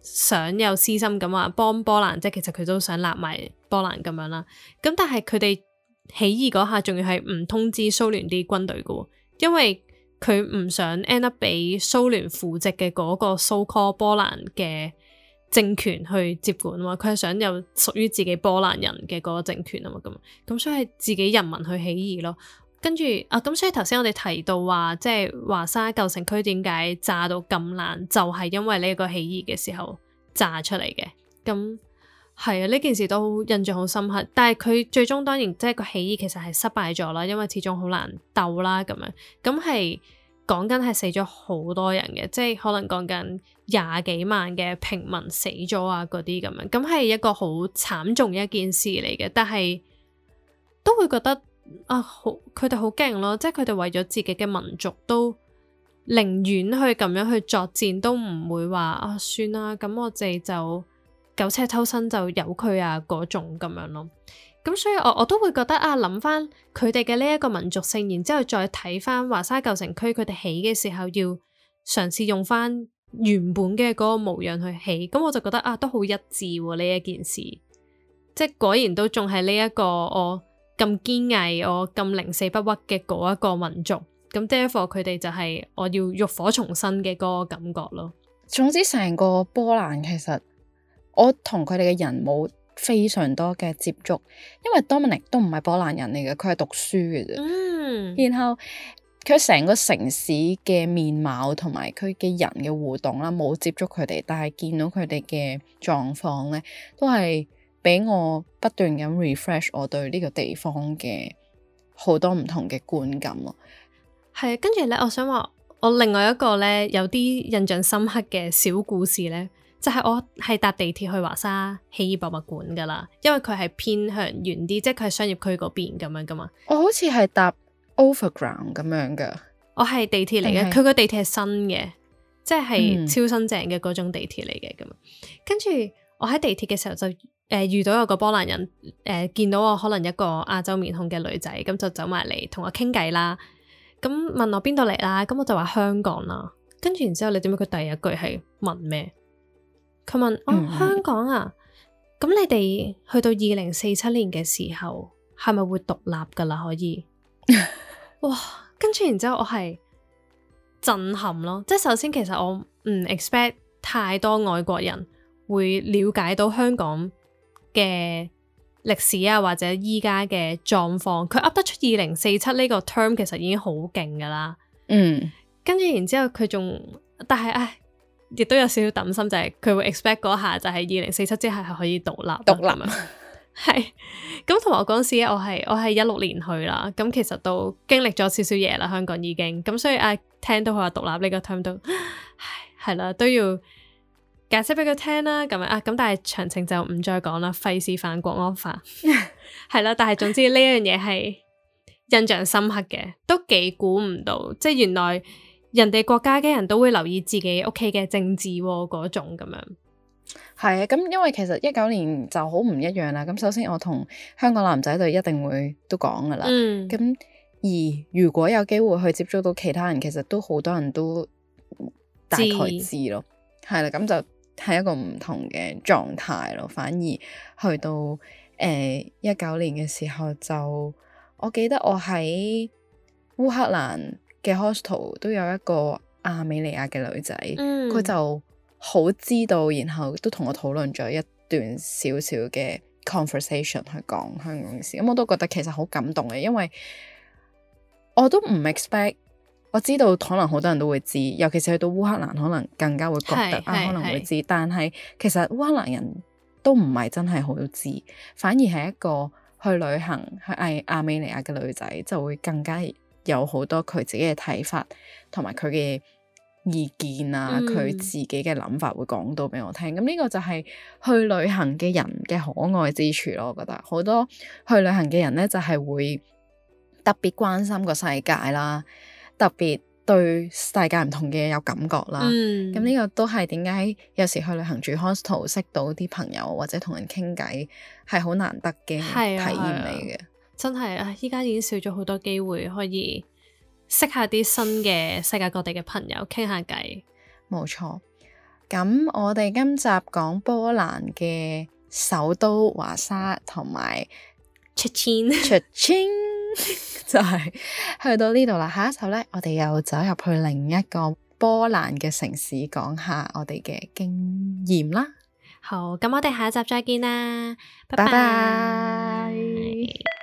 想有私心咁話，幫波蘭，即係其實佢都想立埋波蘭咁樣啦，咁但係佢哋。起義嗰下仲要係唔通知蘇聯啲軍隊嘅，因為佢唔想 end up 俾蘇聯扶植嘅嗰個蘇科波蘭嘅政權去接管啊嘛，佢係想有屬於自己波蘭人嘅嗰個政權啊嘛，咁咁所以係自己人民去起義咯。跟住啊，咁所以頭先我哋提到話，即係華沙舊城區點解炸到咁爛，就係因為呢個起義嘅時候炸出嚟嘅。咁係啊，呢件事都印象好深刻，但係佢最終當然即係個起義其實係失敗咗啦，因為始終好難鬥啦咁樣，咁係講緊係死咗好多人嘅，即係可能講緊廿幾萬嘅平民死咗啊嗰啲咁樣，咁係一個好慘重一件事嚟嘅，但係都會覺得啊好，佢哋好勁咯，即係佢哋為咗自己嘅民族都寧願去咁樣去作戰，都唔會話啊算啦，咁我哋就。九尺抽身就有佢啊嗰種咁樣咯，咁所以我我都會覺得啊，諗翻佢哋嘅呢一個民族性，然之後再睇翻華沙舊城區佢哋起嘅時候，要嘗試用翻原本嘅嗰個模樣去起，咁我就覺得啊，都好一致呢、啊、一件事，即係果然都仲係呢一個我咁堅毅、我咁寧死不屈嘅嗰一個民族，咁所以佢哋就係我要浴火重生嘅嗰個感覺咯。總之成個波蘭其實。我同佢哋嘅人冇非常多嘅接觸，因為 Dominic 都唔係波蘭人嚟嘅，佢係讀書嘅啫。嗯，然後佢成個城市嘅面貌同埋佢嘅人嘅互動啦，冇接觸佢哋，但係見到佢哋嘅狀況咧，都係俾我不斷咁 refresh 我對呢個地方嘅好多唔同嘅觀感咯。係啊，跟住咧，我想話我另外一個咧有啲印象深刻嘅小故事咧。就係我係搭地鐵去華沙起義博物館噶啦，因為佢係偏向遠啲，即係佢係商業區嗰邊咁樣噶嘛。我好似係搭 overground 咁樣噶，我係地鐵嚟嘅。佢個是地鐵係新嘅，即係超新淨嘅嗰種地鐵嚟嘅咁。嗯、跟住我喺地鐵嘅時候就誒、呃、遇到有一個波蘭人，誒、呃、見到我可能一個亞洲面孔嘅女仔，咁就走埋嚟同我傾偈啦。咁問我邊度嚟啦？咁我就話香港啦。跟住然之後，你點解佢第一句係問咩？佢問：我、哦、香港啊，咁你哋去到二零四七年嘅時候，係咪會獨立噶啦？可以， 哇！跟住然之後，我係震撼咯。即係首先，其實我唔 expect 太多外國人會了解到香港嘅歷史啊，或者依家嘅狀況。佢噏得出二零四七呢個 term，其實已經好勁噶啦。嗯。跟住然之後，佢仲，但係唉。亦都有少少擔心，就係、是、佢會 expect 嗰下就係二零四七之後係可以獨立。獨獨立啊，係， 咁同埋我嗰時我係我係一六年去啦，咁其實都經歷咗少少嘢啦，香港已經，咁所以啊，聽到佢話獨立呢個 time 都係啦，都要解釋俾佢聽啦，咁啊，咁但係詳情就唔再講啦，費事犯國安法，係啦， 但係總之呢樣嘢係印象深刻嘅，都幾估唔到，即係原來。人哋國家嘅人都會留意自己屋企嘅政治喎，哦，嗰種咁樣。係啊，咁因為其實一九年就好唔一樣啦。咁首先我同香港男仔就一定會都講㗎喇。嗯。咁而如果有機會去接觸到其他人，其實都好多人都大概知咯。係啦道，咁就係一個唔同嘅狀態咯。反而去到誒一九年嘅時候就，就我記得我喺烏克蘭。嘅 hostel 都有一個阿美尼亞嘅女仔，佢、嗯、就好知道，然後都同我討論咗一段少少嘅 conversation 去講香港嘅事，咁、嗯、我都覺得其實好感動嘅，因為我都唔 expect，我知道可能好多人都會知，尤其是去到烏克蘭可能更加會覺得啊，可能會知，但係其實烏克蘭人都唔係真係好知，反而係一個去旅行去嗌阿美尼亞嘅女仔就會更加。有好多佢自己嘅睇法，同埋佢嘅意見啊，佢、嗯、自己嘅諗法會講到俾我聽。咁呢個就係去旅行嘅人嘅可愛之處咯。我覺得好多去旅行嘅人咧，就係、是、會特別關心個世界啦，特別對世界唔同嘅嘢有感覺啦。咁呢、嗯、個都係點解有時去旅行住 hostel 識到啲朋友或者同人傾偈係好難得嘅體驗嚟嘅。嗯嗯真係啊！依家已經少咗好多機會可以識下啲新嘅世界各地嘅朋友傾下偈。冇錯，咁我哋今集講波蘭嘅首都華沙同埋 Cha-ching，Cha-ching 就係去到呢度啦。下一集呢，我哋又走入去另一個波蘭嘅城市講下我哋嘅經驗啦。好，咁我哋下一集再見啦，拜拜。